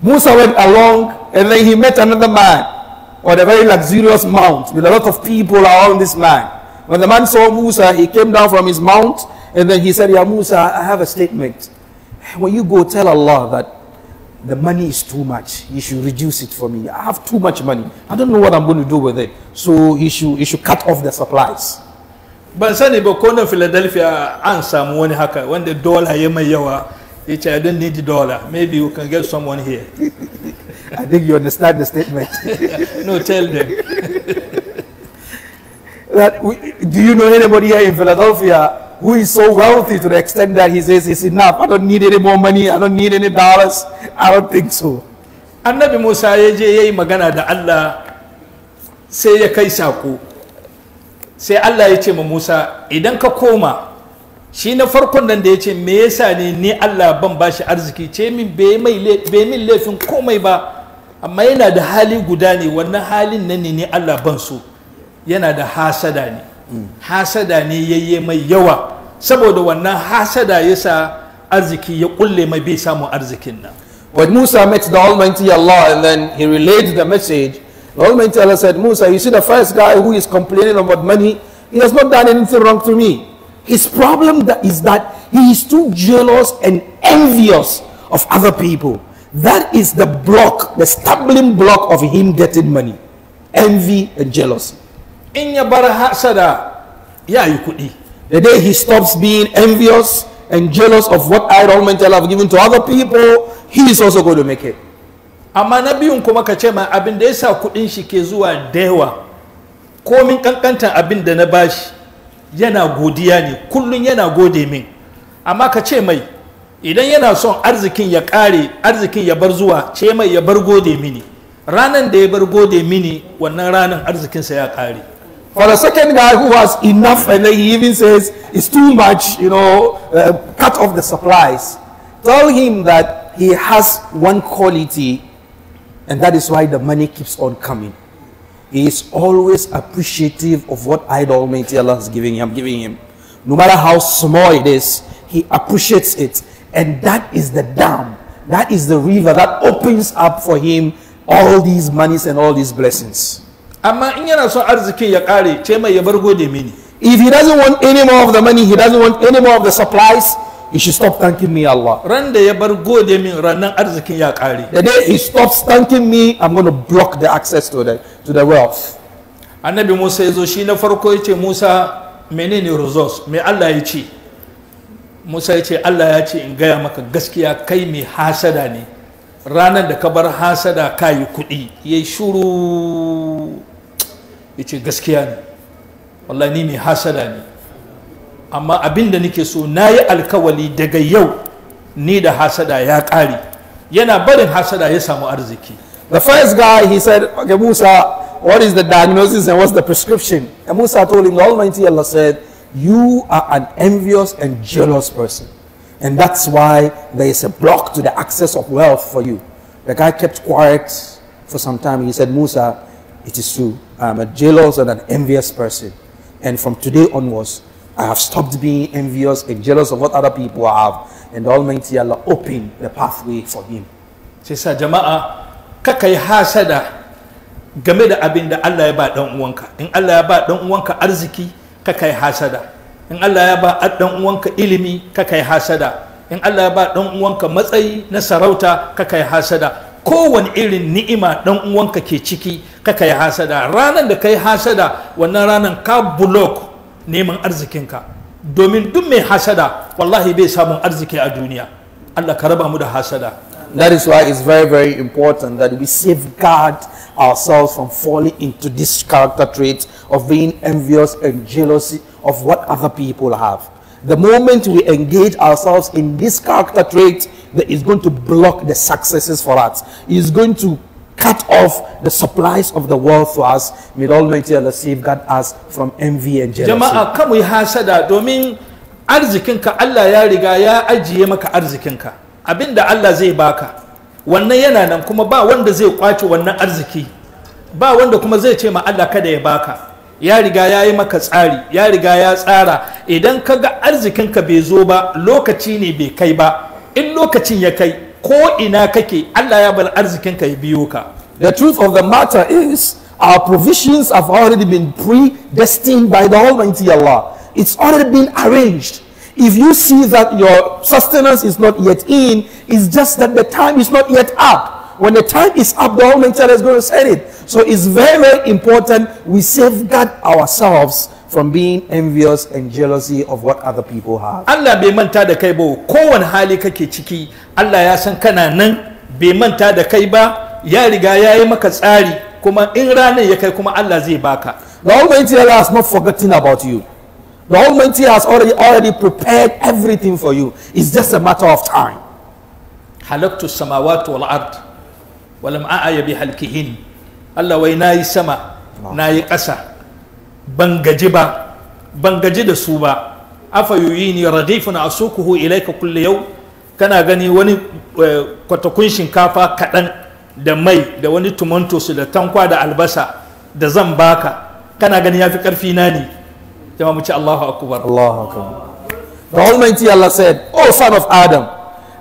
musa went along and then he met another man on a very luxurious mount with a lot of people around this man when the man saw musa he came down from his mount and then he said ya musa i have a statement When you go tell Allah that the money is too much, you should reduce it for me. I have too much money. I don't know what I'm going to do with it. So you should, you should cut off the supplies. But sani ba ko nan philadelphia answer. When wani haka wanda dola ya mai yawa ya i don't need dollar maybe you can get someone here i think you understand the statement no tell them that we, do you know anybody here in philadelphia who is so wealthy to the extent that he says, It's enough. I don't need any more money. I don't need any dollars. I don't think so. Annabi Musa ya je ya yi magana da Allah sai ya kai sako. Sai Allah ya ce ma Musa, idan ka koma, shi na farkon nan da ya ce, Me yasa ne ni Allah ban bashi arziki ce min bai min laifin komai ba, amma yana da hali guda ne, wannan halin nan ne ni Allah ban so, yana da hasada ne. hasada ne yayye mai yawa saboda wannan hasada yasa arziki ya kulle mai bai samu arzikin nan When Musa met the Almighty Allah and then he relayed the message, the Almighty Allah said, Musa, you see the first guy who is complaining about money, he has not done anything wrong to me. His problem that is that he is too jealous and envious of other people. That is the block, the stumbling block of him getting money. Envy and jealousy. in ya bar hasada ya yi kuɗi the day he stops being envious and jealous of what I Almighty mental have given to other people he is also going to make it amma na biyun kuma ka ce ma abin da ya sa kuɗin shi ke zuwa da komin ƙanƙantan abin da na bashi yana godiya ne kullum yana gode min amma ka ce mai idan yana son arzikin ya ƙare arzikin ya bar zuwa ce mai ya bar gode mini ranan da ya bar gode mini wannan ranan arzikinsa ya ƙare For the second guy who has enough, and then he even says it's too much, you know, uh, cut off the supplies. Tell him that he has one quality, and that is why the money keeps on coming. He is always appreciative of what idol Almighty Allah, is giving him. I'm giving him, no matter how small it is, he appreciates it, and that is the dam, that is the river that opens up for him all these monies and all these blessings. amma in yana son arzikin ya kare ce mai ya bar gode mini if he doesn't want any more of the money he doesn't want any more of the supplies he should stop thanking me Allah ran da ya bar gode min ranan arzikin ya kare the day he stops thanking me I'm going to block the access to the to the wealth annabi Musa ya zo shi na farko ya ce Musa menene resource me Allah ya ce Musa ya ce Allah ya ce in gaya maka gaskiya kai mai hasada ne ranar da ka bar hasada ka yi kuɗi ya yi shuru ya ce gaskiya ne wallahi ni mai hasada ne amma abin da nake so na alkawali daga yau ni da hasada ya ƙare yana barin hasada ya samu arziki the first guy he said okay musa what is the diagnosis and what's the prescription and musa told him almighty allah said you are an envious and jealous person and that's why there is a block to the access of wealth for you the guy kept quiet for some time he said musa it is true. I'm a jealous and an envious person. And from today onwards, I have stopped being envious and jealous of what other people have. And Almighty Allah opened the pathway for him. Sai sa jama'a kaka yi hasada game da abin da Allah ya ba dan uwanka. In Allah ya ba dan uwanka arziki, kaka yi hasada. In Allah ya ba dan uwanka ilimi, kaka yi hasada. In Allah ya ba dan uwanka matsayi na sarauta, kaka yi hasada kowane irin ni'ima dan uwanka ke ciki kaka ya hasada ranar da ka yi hasada wannan ranar ka bulok neman arzikinka domin duk mai hasada wallahi bai samun arziki a duniya Allah ka raba mu da hasada That is why it's very, very important that we safeguard ourselves from falling into this character trait of being envious and jealousy of what other people have. The moment we engage ourselves in this character trait, that is going to block the successes for us. He is going to cut off the supplies of the world for us. May Almighty Allah God us from envy and jealousy. Jama'a kan hasada domin arzikinka Allah ya riga ya ajiye maka arzikinka. Abinda Allah zai baka. Wannan yana nan kuma ba wanda zai kwace wannan arziki. Ba wanda kuma zai ce ma Allah kada ya baka. Ya riga ya yi maka tsari, ya riga ya tsara. Idan ka ga arzikinka bai zo ba, lokaci ne bai kai ba. in lokacin ya kai ko ina kake Allah ya bar arzikin ka ya biyo ka the truth of the matter is our provisions have already been predestined by the almighty Allah it's already been arranged if you see that your sustenance is not yet in it's just that the time is not yet up when the time is up the almighty Allah is going to send it so it's very very important we safeguard ourselves from being envious and jealousy of what other people have. Allah bai manta da kai ba kowane hali kake ciki Allah ya san kana nan bai manta da kai ba ya riga ya yi maka tsari kuma in ranar ya kai kuma Allah zai baka. The Almighty Allah has not forgotten about you. The Almighty has already already prepared everything for you. It's just a matter of time. Halaktu samawati wal ard wa lam a'ya bi halkihin. Allah wai nayi sama nayi ƙasa. ban gaji ba ban gaji da su ba afa yuyini radifun asukuhu ilaika kulli yau kana gani wani eh, kwatakun shinkafa kaɗan da mai da wani tumantosu da tankwa da albasa da zan baka kana gani yafi karfi na ne jama mu ci Allahu akubar. Allahu akubar. the almighty Allah said oh son of Adam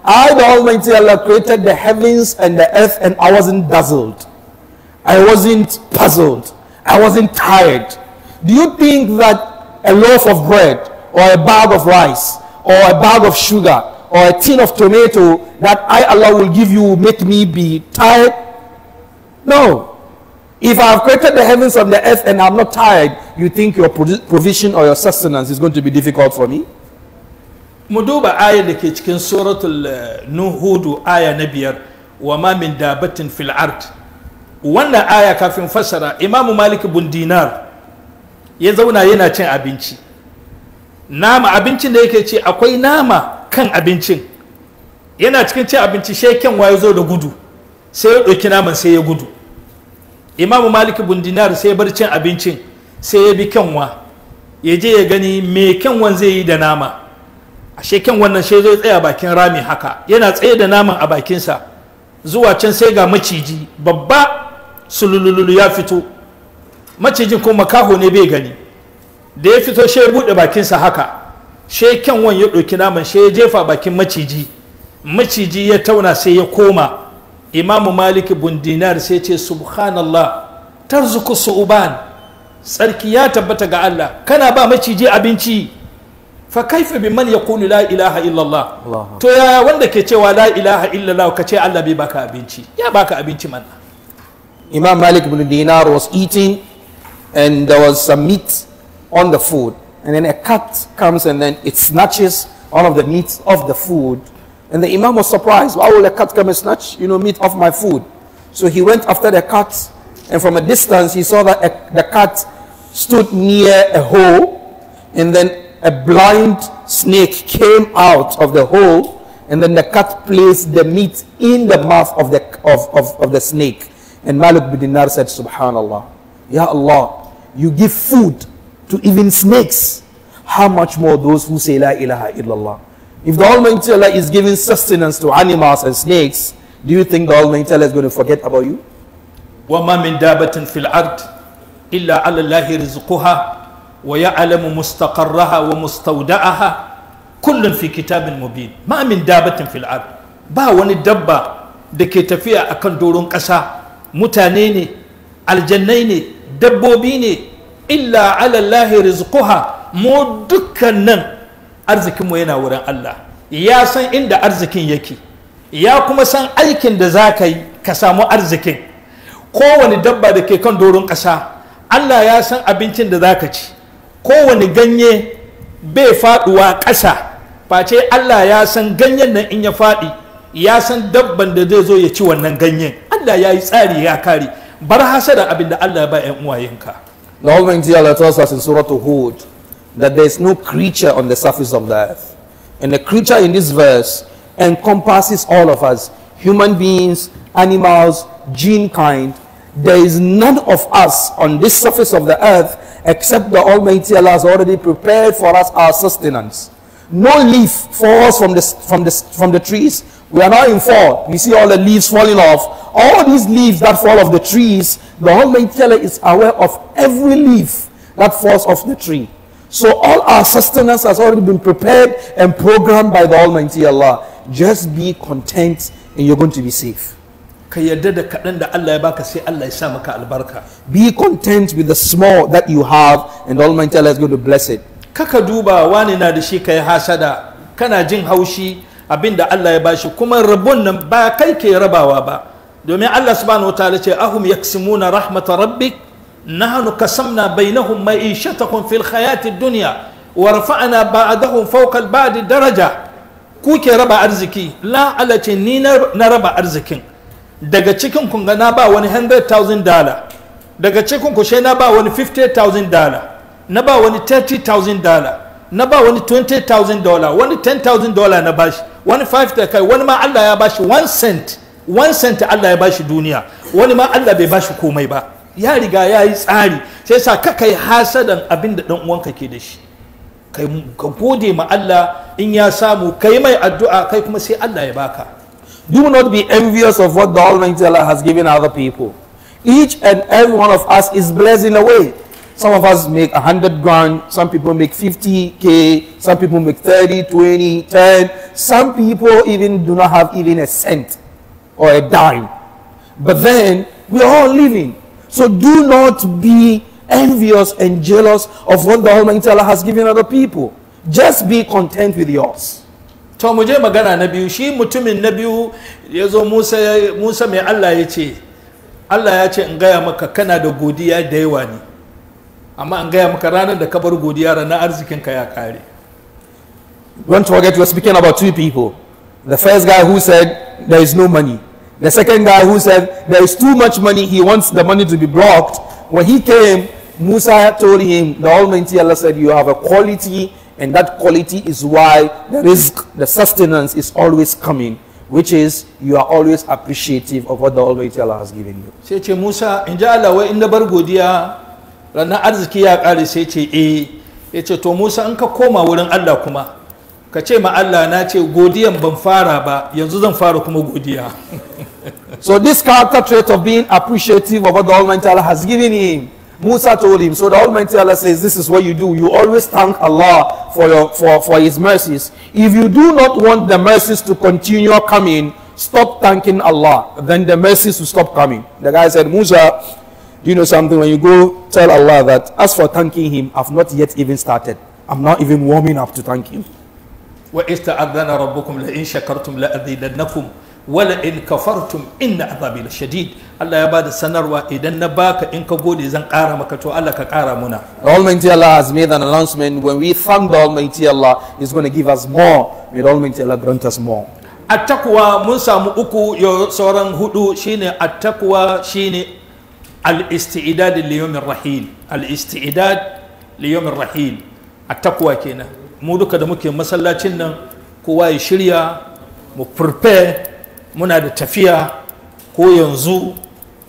I the almighty Allah created the heavens and the earth and I wasn't dazzled I wasn't puzzled I wasn't tired think that a loaf of bread or a bag of rice or a bag of sugar or a tin of tomato that I, Allah, will give you will make me be tired? No. If I have created the heavens and the earth and I'm not tired, you think your provision or your sustenance is going to be difficult for me? Muduba duba ayar da ke cikin suratul eh, nuhudu aya na biyar wa ma min dabatin fil ard wannan aya kafin fassara imamu malik bin dinar ya zauna yana cin abinci nama abincin da yake ce akwai nama kan abincin yana cikin cin abinci sheken ya zo da gudu sai ya ɗauki naman sai ya gudu imamu maliki bundinar sai ya bar cin abincin sai ya bi kyanwa ya je ya gani me kyanwan zai yi da nama a sheken wannan sai zai tsaya bakin rami haka yana tsaye da naman a bakinsa zuwa can sai ga maciji babba sululululu ya fito macijin kuma makaho ne bai gani da ya fito shi ya buɗe bakinsa haka shi kyanwan ya ɗauki naman shi ya jefa bakin maciji maciji ya tauna sai ya koma imamu malik bin dinar sai ce subhanallah tarzuku su'uban tsarki ya tabbata ga Allah kana ba maciji abinci fa kaifa bi man yaqulu la ilaha illallah to ya wanda ke cewa la ilaha illallah ka ce Allah bai baka abinci ya baka abinci man imam malik bin dinar was eating and there was some meat on the food. And then a cat comes and then it snatches all of the meat off the food. And the Imam was surprised. Why will a cat come and snatch, you know, meat off my food? So he went after the cat. And from a distance, he saw that a, the cat stood near a hole. And then a blind snake came out of the hole. And then the cat placed the meat in the mouth of the, of, of, of the snake. And Malik bin Dinar said, Subhanallah, Ya Allah, you give food to even snakes. How much more those who say La ilaha illallah. If the Almighty Allah is giving sustenance to animals and snakes, do you think the Almighty Allah is going to forget about you? وما من دابة في الأرض إلا على الله رزقها ويعلم مستقرها ومستودعها كل في كتاب مبين ما من دابة في الأرض با وني دبة da ke tafiya akan doron ƙasa mutane ne aljannai ne dabbobi ne illa lahi rizquha mu dukkanin mu yana wurin Allah ya san inda arzikin yake ya kuma san aikin da za ka yi ka samu arzikin kowane dabba da ke kan doron ƙasa Allah ya san abincin da za ka ci kowane ganye bai faɗuwa ƙasa face Allah ya san ganyen nan in ya faɗi ya san dabban da zai zo ya ci wannan ganyen Allah ya yi tsari ya kare Allah ba ƴan uwayenka the almighty Allah tells us in surah hud that there is no creature on the surface of the earth and the creature in this verse encompasses all of us human beings animals gene kind there is none of us on this surface of the earth except the Almighty Allah has already prepared for us our sustenance. No leaf falls from the, from the, from the trees we are now in fall. You see all the leaves falling off. All these leaves that fall off the trees, the Almighty Teller is aware of every leaf that falls off the tree. So all our sustenance has already been prepared and programmed by the Almighty Allah. Just be content and you're going to be safe. Be content with the small that you have and Almighty Allah is going to bless it. abinda Allah ya bashi kuma rabon nan ba kai ke rabawa ba domin Allah subhanahu wataala ce ahum yaksimuna rahmata rabbik nahnu qasamna bainahum ma'ishatahum fil hayati dunya wa rafa'na ba'dahum fawqa al da daraja ku ke raba arziki la Allah ce ni na raba arzikin daga cikin kun na ba wani 100,000 dala daga cikin ku na ba wani 50,000 dala na ba wani 30,000 dala na ba wani 20,000 dola wani 10,000 dola na bashi wani 5 da kai wani ma Allah ya bashi 1 cent 1 cent Allah ya bashi duniya wani ma Allah bai bashi komai ba ya riga ya yi tsari sai sa ka kai hasadan abin da dan uwanka ke da shi kai ka gode ma Allah in ya samu kai mai addu'a kai kuma sai Allah ya baka do not be envious of what the almighty Allah has given other people each and every one of us is blessed in a way Some of us make 100 grand, some people make 50k, some people make 30, 20, 10. Some people even do not have even a cent or a dime. But then we're all living. So do not be envious and jealous of what the Almighty Allah has given other people. Just be content with yours. to mu je magana na biyu shi mutumin na biyu ya zo musa mai allah ya ce allah ya ce in gaya maka kana da godiya da yawa ne amma an gaya maka ranar da ka bar godiya ranar arzikin ka ya kare one target was speaking about two people the first guy who said there is no money the second guy who said there is too much money he wants the money to be blocked when he came Musa told him the almighty Allah said you have a quality and that quality is why the risk the sustenance is always coming which is you are always appreciative of what the Almighty Allah has given you. Sai ce Musa in ji Allah wai in da bar godiya ranar arziki ya ƙare sai ce eh ya ce to musa ka koma wurin allah kuma ka ce ma allah na ce godiyan ban fara ba yanzu zan fara kuma godiya so this character trait of being appreciative of what the almighty allah has given him musa told him so the almighty allah says this is what you do you always thank allah for your for for his mercies if you do not want the mercies to continue coming stop thanking allah then the mercies will stop coming the guy said musa do you know something? When you go tell Allah that, as for thanking Him, I've not yet even started. I'm not even warming up to thank Him. وَإِسْتَأَذَّنَ رَبُّكُمْ لَإِن in kafartum inna azabi Allah ya bada sanarwa idan na baka in ka gode to Almighty Allah has made an announcement when we thank the Almighty Allah he's going to give us more may the Almighty Allah grant us more mun samu uku hudu shine shine al-istidad liyawmin rahil al-istidad liyawmin rahil a takwa kenan mu duka da muke masallacin nan kowa ya shirya mu prepare muna da tafiya ko yanzu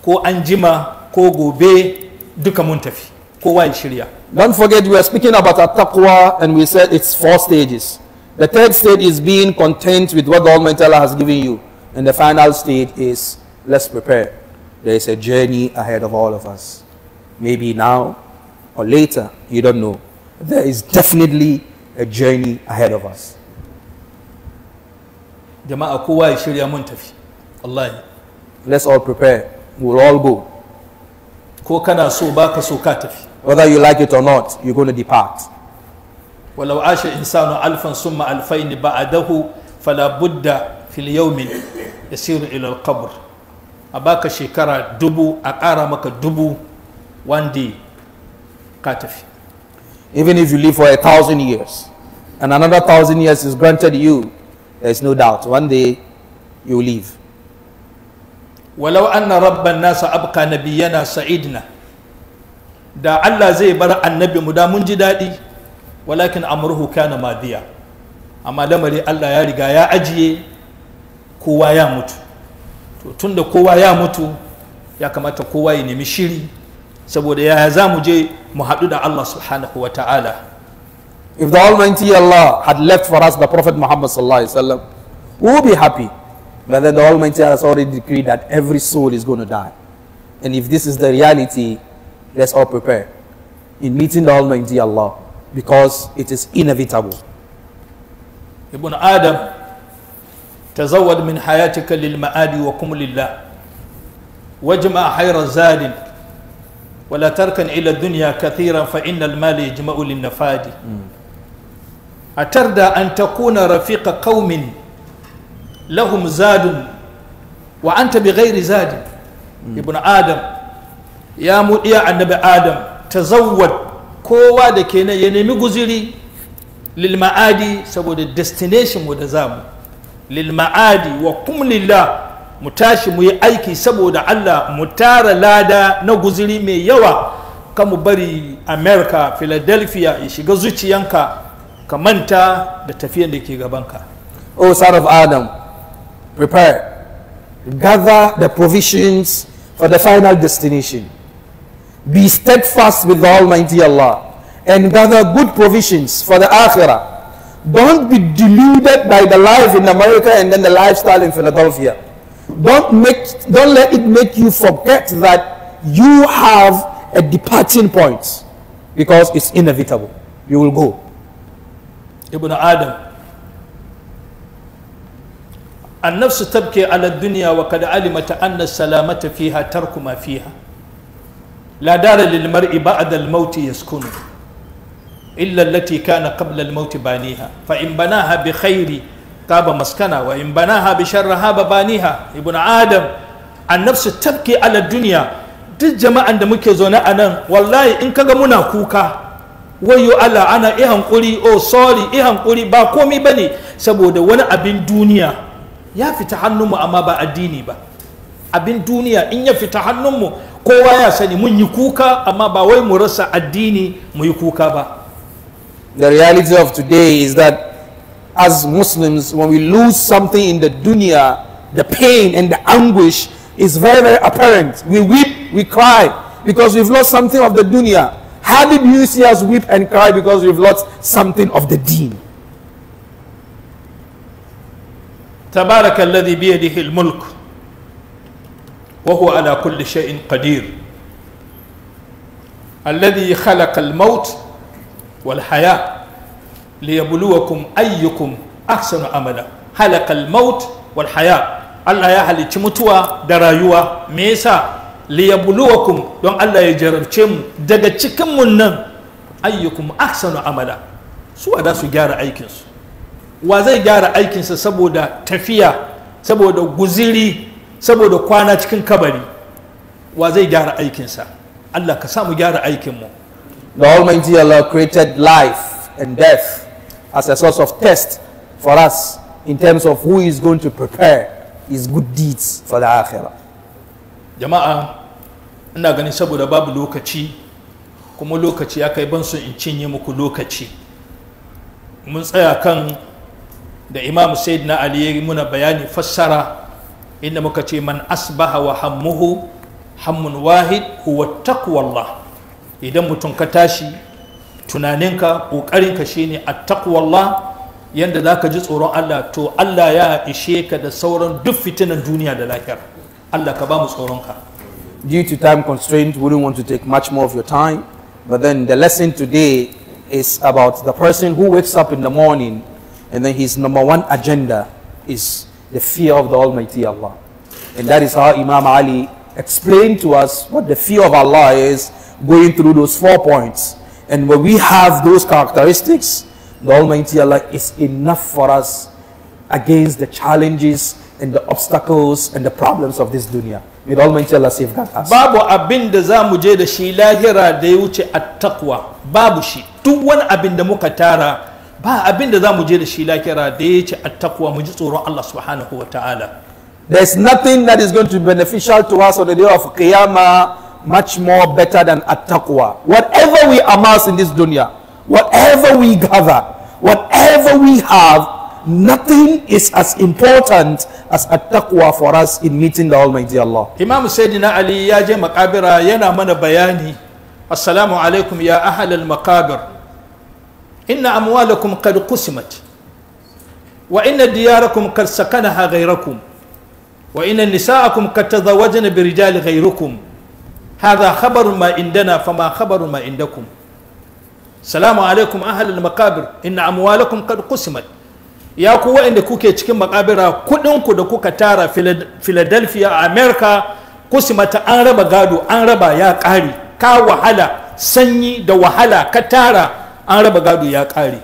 ko an jima ko gobe duka mun tafi kowa ya shirya don't forget we are speaking about at-taqwa and we said it's four stages the third stage is being content with what the Almighty Allah has given you and the final stage is let's prepare There is a journey ahead of all of us. Maybe now or later, you don't know. There is definitely a journey ahead of us. let's all prepare we'll all go whether you like it or not you're going to depart ولو عاش إنسان ألفا ثم ألفين بعده فلا بد في اليوم يسير إلى القبر a shekara dubu a maka dubu one day ka tafi even if you live for a thousand years and another thousand years is granted you there is no doubt one day you leave walau anna rabban nasa abka nabiyana sa'idna da Allah zai bar annabi mu da mun ji daɗi walakin amruhu kana madiya amma tunda kowa ya mutu ya kamata kowa ya nemi shiri saboda ya za mu je mu haɗu da Allah subhanahu wa ta'ala if the almighty Allah had left for us the prophet Muhammad sallallahu alaihi wasallam we would be happy but then the almighty has already decreed that every soul is going to die and if this is the reality let's all prepare in meeting the almighty Allah because it is inevitable ibn adam تزود من حياتك للمعاد وكم لله واجمع حير زاد ولا تركن إلى الدنيا كثيرا فإن المال يجمع للنفاد أتردى أن تكون رفيق قوم لهم زاد وأنت بغير زاد ابن آدم يا مؤيا النبي آدم تزود كوا دكينا ينمي غزيري للمعادي سبب الدستنيشن ودزامه lilma'adi ma'adi wa kum lillah mu tashi mu yi aiki saboda Allah mu tara lada na guziri mai yawa ka mu bari America Philadelphia ya shiga zuciyanka ka manta da tafiyan da ke gabanka O son of Adam prepare gather the provisions for the final destination be steadfast with the almighty Allah and gather good provisions for the akhirah Don't be deluded by the life in America and then the lifestyle in Philadelphia. Don't, make, don't let it make you forget that you have a departing point because it's inevitable. You will go. Ibn Adam. النفس تبكي على الدنيا وقد علمت أن السلامة فيها ترك ما فيها لا دار للمرء بعد الموت يسكنه إلا التي كان قبل الموت بانيها فإن بناها بخير طاب مسكنا وإن بناها بشر هاب بانيها ابن آدم عن نفس التبكي على الدنيا duk jama'an da muke zaune a nan wallahi in kaga muna kuka wayo Allah ana i hankuri oh sorry i hankuri ba komi bane saboda wani abin duniya ya fita hannunmu amma ba addini ba abin duniya in ya fita hannunmu kowa ya sani mun yi kuka amma ba wai mu rasa addini mu yi kuka ba The reality of today is that as Muslims, when we lose something in the dunya, the pain and the anguish is very, very apparent. We weep, we cry because we've lost something of the dunya. How did you see us weep and cry because we've lost something of the deen? تبارك الذي بيده الملك وهو على كل شيء قدير الذي خلق الموت Walhaya. haya liyabluwakum ayyukum ahsanu amala halakal maut Allah ya halicci mutuwa da rayuwa me yasa liyabluwakum don Allah ya jarabce mu daga cikin mun nan ayyukum ahsanu amala su da su gyara aikinsu wa zai gyara aikinsa saboda tafiya saboda guziri saboda kwana cikin kabari wa zai gyara aikinsa Allah ka samu gyara aikinmu The Almighty Allah created life and death as a source of test for us in terms of who is going to prepare his good deeds for the akhirah. Jama'a ina ganin saboda babu lokaci kuma lokaci ya kai ban so in cinye muku lokaci. Mun tsaya kan da Imam Sayyidina na ya muna bayani fassara inda muka ce man asbaha wa hammuhu hammun wahid huwa taqwallah. idan mutum ka tashi tunaninka ƙoƙarinka shine attaqwallah yanda za ka ji tsoron Allah to Allah ya ishe ka da sauran duk fitinan duniya da lahiyar Allah ka ba mu tsoronka due to time constraint we don't want to take much more of your time but then the lesson today is about the person who wakes up in the morning and then his number one agenda is the fear of the Almighty Allah and that is how Imam Ali explained to us what the fear of Allah is going through those four points. And when we have those characteristics, the Almighty Allah is enough for us against the challenges and the obstacles and the problems of this dunya. May the Almighty Allah safeguard us. Babu abin da za mu je da shi lahira da ya wuce at-taqwa. babu shi duk wani abin da muka tara ba abin da za mu je da shi lahira da ya ce at-taqwa mu ji tsoron Allah subhanahu wa ta'ala. There's nothing that is going to be beneficial to us on the day of Qiyamah much more better than taqwa. Whatever we amass in this dunya, whatever we gather, whatever we have, nothing is as important as taqwa for us in meeting the Almighty Allah. Imam Sayyidina Ali ya je makabira yana mana bayani. Assalamu alaikum ya ahal al-makabir. Inna amwalakum qad qusimat. Wa inna diyarakum qad sakanaha ghayrakum. وإن نساءكم قد تزوجن برجال ghayrukum. هذا خبر ما عندنا فما خبر ما عندكم salamu alaikum ahalil makabir inna amwalakum kad kusimat ya ku wa'anda kuke cikin makabira kudin ku da kuka tara Philadelphia a America kusimata an raba gado an raba ya kare ka wahala sanyi da wahala ka tara an raba gado ya kare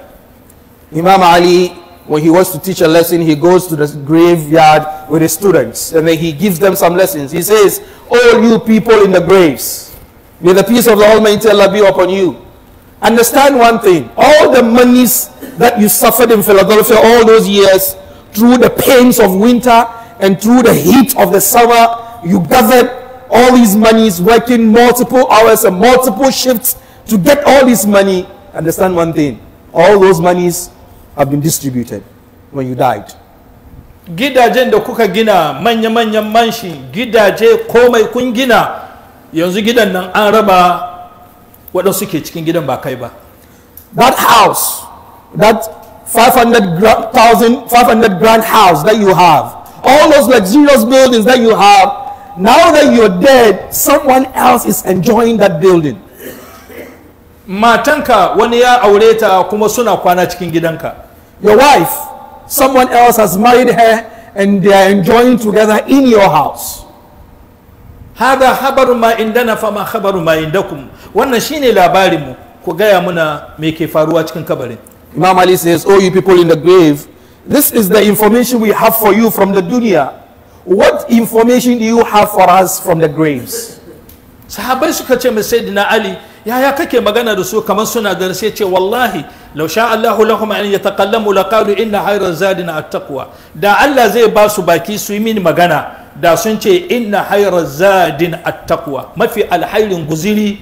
Imam Ali when he wants to teach a lesson, he goes to the graveyard with his students and then he gives them some lessons. He says, All you people in the graves, may the peace of the Almighty Allah be upon you. Understand one thing all the monies that you suffered in Philadelphia all those years through the pains of winter and through the heat of the summer, you gathered all these monies working multiple hours and multiple shifts to get all this money. Understand one thing all those monies have been distributed when you died. Gidajen da kuka gina manya-manyan manshi gidaje komai kun gina yanzu gidan nan an raba waɗansu ke cikin gidan ba kai ba. That house, that 500,000 500 grand house that you have, all those luxurious buildings that you have, now that you're dead, someone else is enjoying that building. matanka wani ya aure ta kuma suna kwana cikin gidanka your wife someone else has married her and they are enjoying together in your house hada habaru ma indana fama habaru ma indakum wannan shine labarin labarinmu ku gaya muna me ke faruwa cikin kabarin Imam Ali says oh you people in the grave this is the information we have for you from the dunya what information do you have for us from the graves sahabai suka ce mai sayyidina Ali ya ya kake magana da su kamar suna da sai ce wallahi law sha Allahu lahum an yataqallamu laqalu inna khayra zadin at da Allah zai ba su baki su yi mini magana da sun ce inna hayra zadin attaqwa mafi alhairin guziri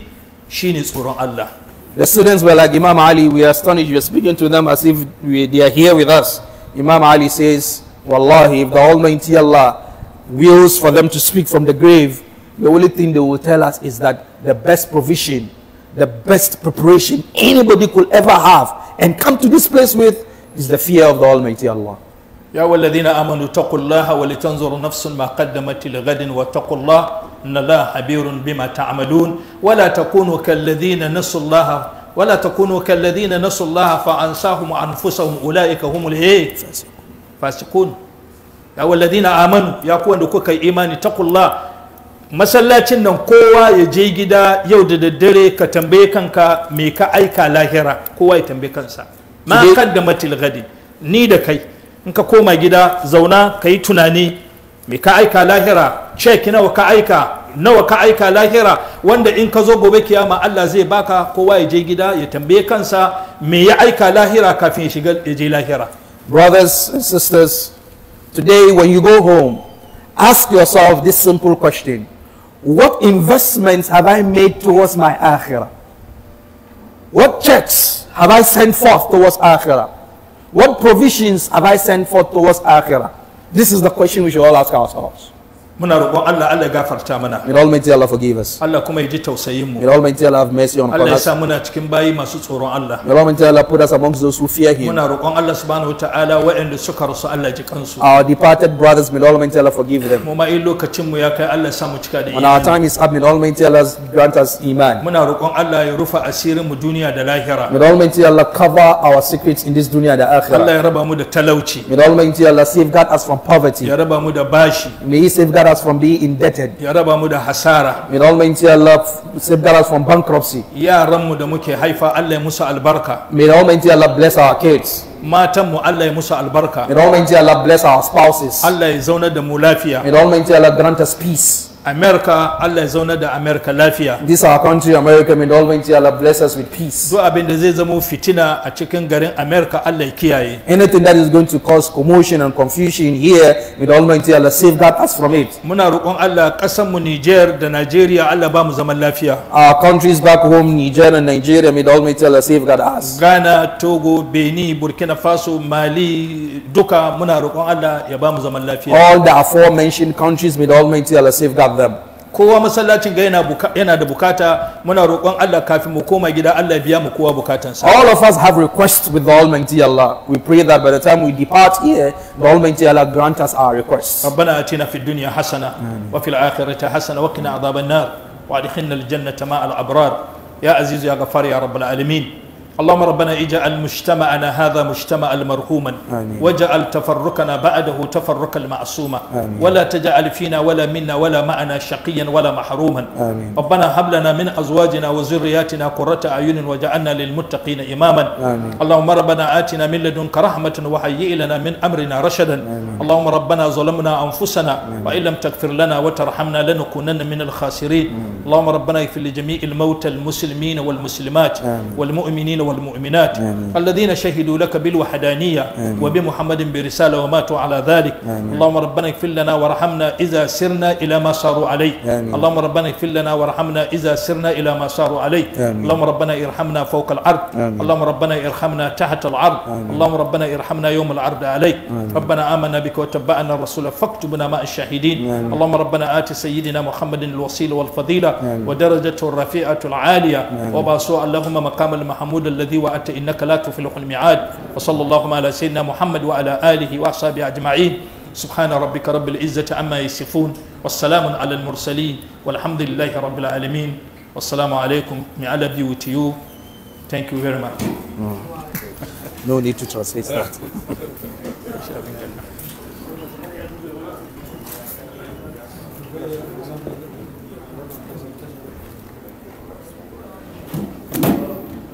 shine tsoron Allah the students were like Imam Ali we are astonished you are speaking to them as if we, they are here with us Imam Ali says wallahi if the almighty Allah wills for them to speak from the grave the only thing they will tell us is that the best provision the best preparation anybody could ever have and come to this place with is the fear of the Almighty Allah. يا والذين آمنوا اتقوا الله ولتنظر نفس ما قدمت لغد واتقوا الله إن الله خبير بما تعملون ولا تكونوا كالذين نسوا الله ولا تكونوا كالذين نسوا الله فأنساهم أنفسهم أولئك هم الإيه يا والذين آمنوا يا قوة إيمان اتقوا الله masallacin nan kowa ya je gida yau da daddare ka tambaye kanka me ka aika lahira kowa ya tambaye kansa ma matil gadi ni da kai in ka koma gida zauna ka yi tunani me ka aika lahira check nawa ka aika nawa ka aika lahira wanda in ka zo gobe kiyama Allah zai baka kowa ya je gida ya tambaye kansa me ya aika lahira kafin ya shiga ya je lahira brothers and sisters today when you go home ask yourself this simple question What investments have I made towards my akhirah? What checks have I sent forth towards akhirah? What provisions have I sent forth towards akhirah? This is the question we should all ask ourselves. muna roƙon Allah Allah ya gafarta mana may almighty Allah forgive us Allah kuma yaji tausayin mu may almighty Allah have mercy on us Allah sa muna cikin bayi masu tsoron Allah may almighty Allah put us amongst those who fear him muna roƙon Allah subhanahu wataala waɗanda suka rasu Allah ji kansu our departed brothers may almighty Allah forgive them mu mai lokacin mu ya kai Allah sa mu cika da iman our time is up may almighty Allah grant us iman muna roƙon Allah ya rufa asirin mu duniya da lahira may almighty Allah cover our secrets in this duniya da akhirah Allah ya raba mu da talauci may almighty Allah safeguard us from poverty ya raba mu da bashi may he safeguard us from being indebted. Ya raba mu da hasara. May Almighty Allah save us from bankruptcy. Yaran mu da muke haifa Allah ya musu albarka. May Almighty Allah bless our kids. matan mu Allah ya musu albarka. May Almighty Allah bless our spouses. Allah ya zauna da mu lafiya. May Almighty Allah grant us peace. America, Allah ya zauna da America lafiya. This our country, America, may Almighty Allah bless us with peace. Duk abin da zai zama fitina a cikin garin America, Allah ya kiyaye. Anything that is going to cause commotion and confusion here, may Almighty Allah safeguard us from it. Muna roƙon Allah ƙasar mu Niger da Nigeria, Allah ba mu zaman lafiya. Our countries back home, Niger and Nigeria, may Almighty Allah safeguard us. Ghana, Togo, Benin, Burkina Faso, Mali, duka muna roƙon Allah ya ba mu zaman lafiya. All the aforementioned countries, may Almighty Allah safeguard azab kowa masallacin ga yana da bukata muna roƙon Allah kafin mu koma gida Allah biya mu kowa bukatansa all of us have requests with the almighty Allah we pray that by the time we depart here the almighty Allah grant us our requests ربنا fil في الدنيا حسنة وفي الآخرة حسنة وقنا عذاب al وأدخلنا الجنة مع ya يا ya يا غفار يا رب العالمين اللهم ربنا اجعل مجتمعنا هذا مجتمعا مرحوما واجعل تفرقنا بعده تفرق المعصومة ولا تجعل فينا ولا منا ولا معنا شقيا ولا محروما آمين. ربنا هب لنا من أزواجنا وذرياتنا قرة أعين وجعلنا للمتقين إماما آمين. اللهم ربنا آتنا من لدنك رحمة وهيئ لنا من أمرنا رشدا آمين. اللهم ربنا ظلمنا أنفسنا آمين. وإن لم تغفر لنا وترحمنا لنكونن من الخاسرين آمين. اللهم ربنا اغفر لجميع الموتى المسلمين والمسلمات آمين. والمؤمنين والمؤمنات آمين. الذين شهدوا لك بالوحدانية آمين. وبمحمد برسالة وماتوا على ذلك آمين. اللهم ربنا اغفر لنا وارحمنا إذا سرنا إلى ما صاروا عليه آمين. اللهم ربنا اغفر لنا وارحمنا إذا سرنا إلى ما صاروا عليه آمين. اللهم ربنا ارحمنا فوق العرض آمين. اللهم ربنا ارحمنا تحت العرض آمين. اللهم ربنا ارحمنا يوم العرض عليك آمين. ربنا آمنا بك وتبعنا الرسول فاكتبنا مع الشاهدين آمين. اللهم ربنا آت سيدنا محمد الوسيل والفضيلة آمين. ودرجته الرفيعة العالية وباسوا اللهم مقام المحمود الذي وعدت إنك لا تفلح الميعاد وصلى الله على سيدنا محمد وعلى آله وأصحابه أجمعين سبحان ربك رب العزة عما يصفون والسلام على المرسلين والحمد لله رب العالمين والسلام عليكم may Allah be with you thank you very much mm. no need to translate that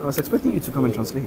I was expecting you to come and translate.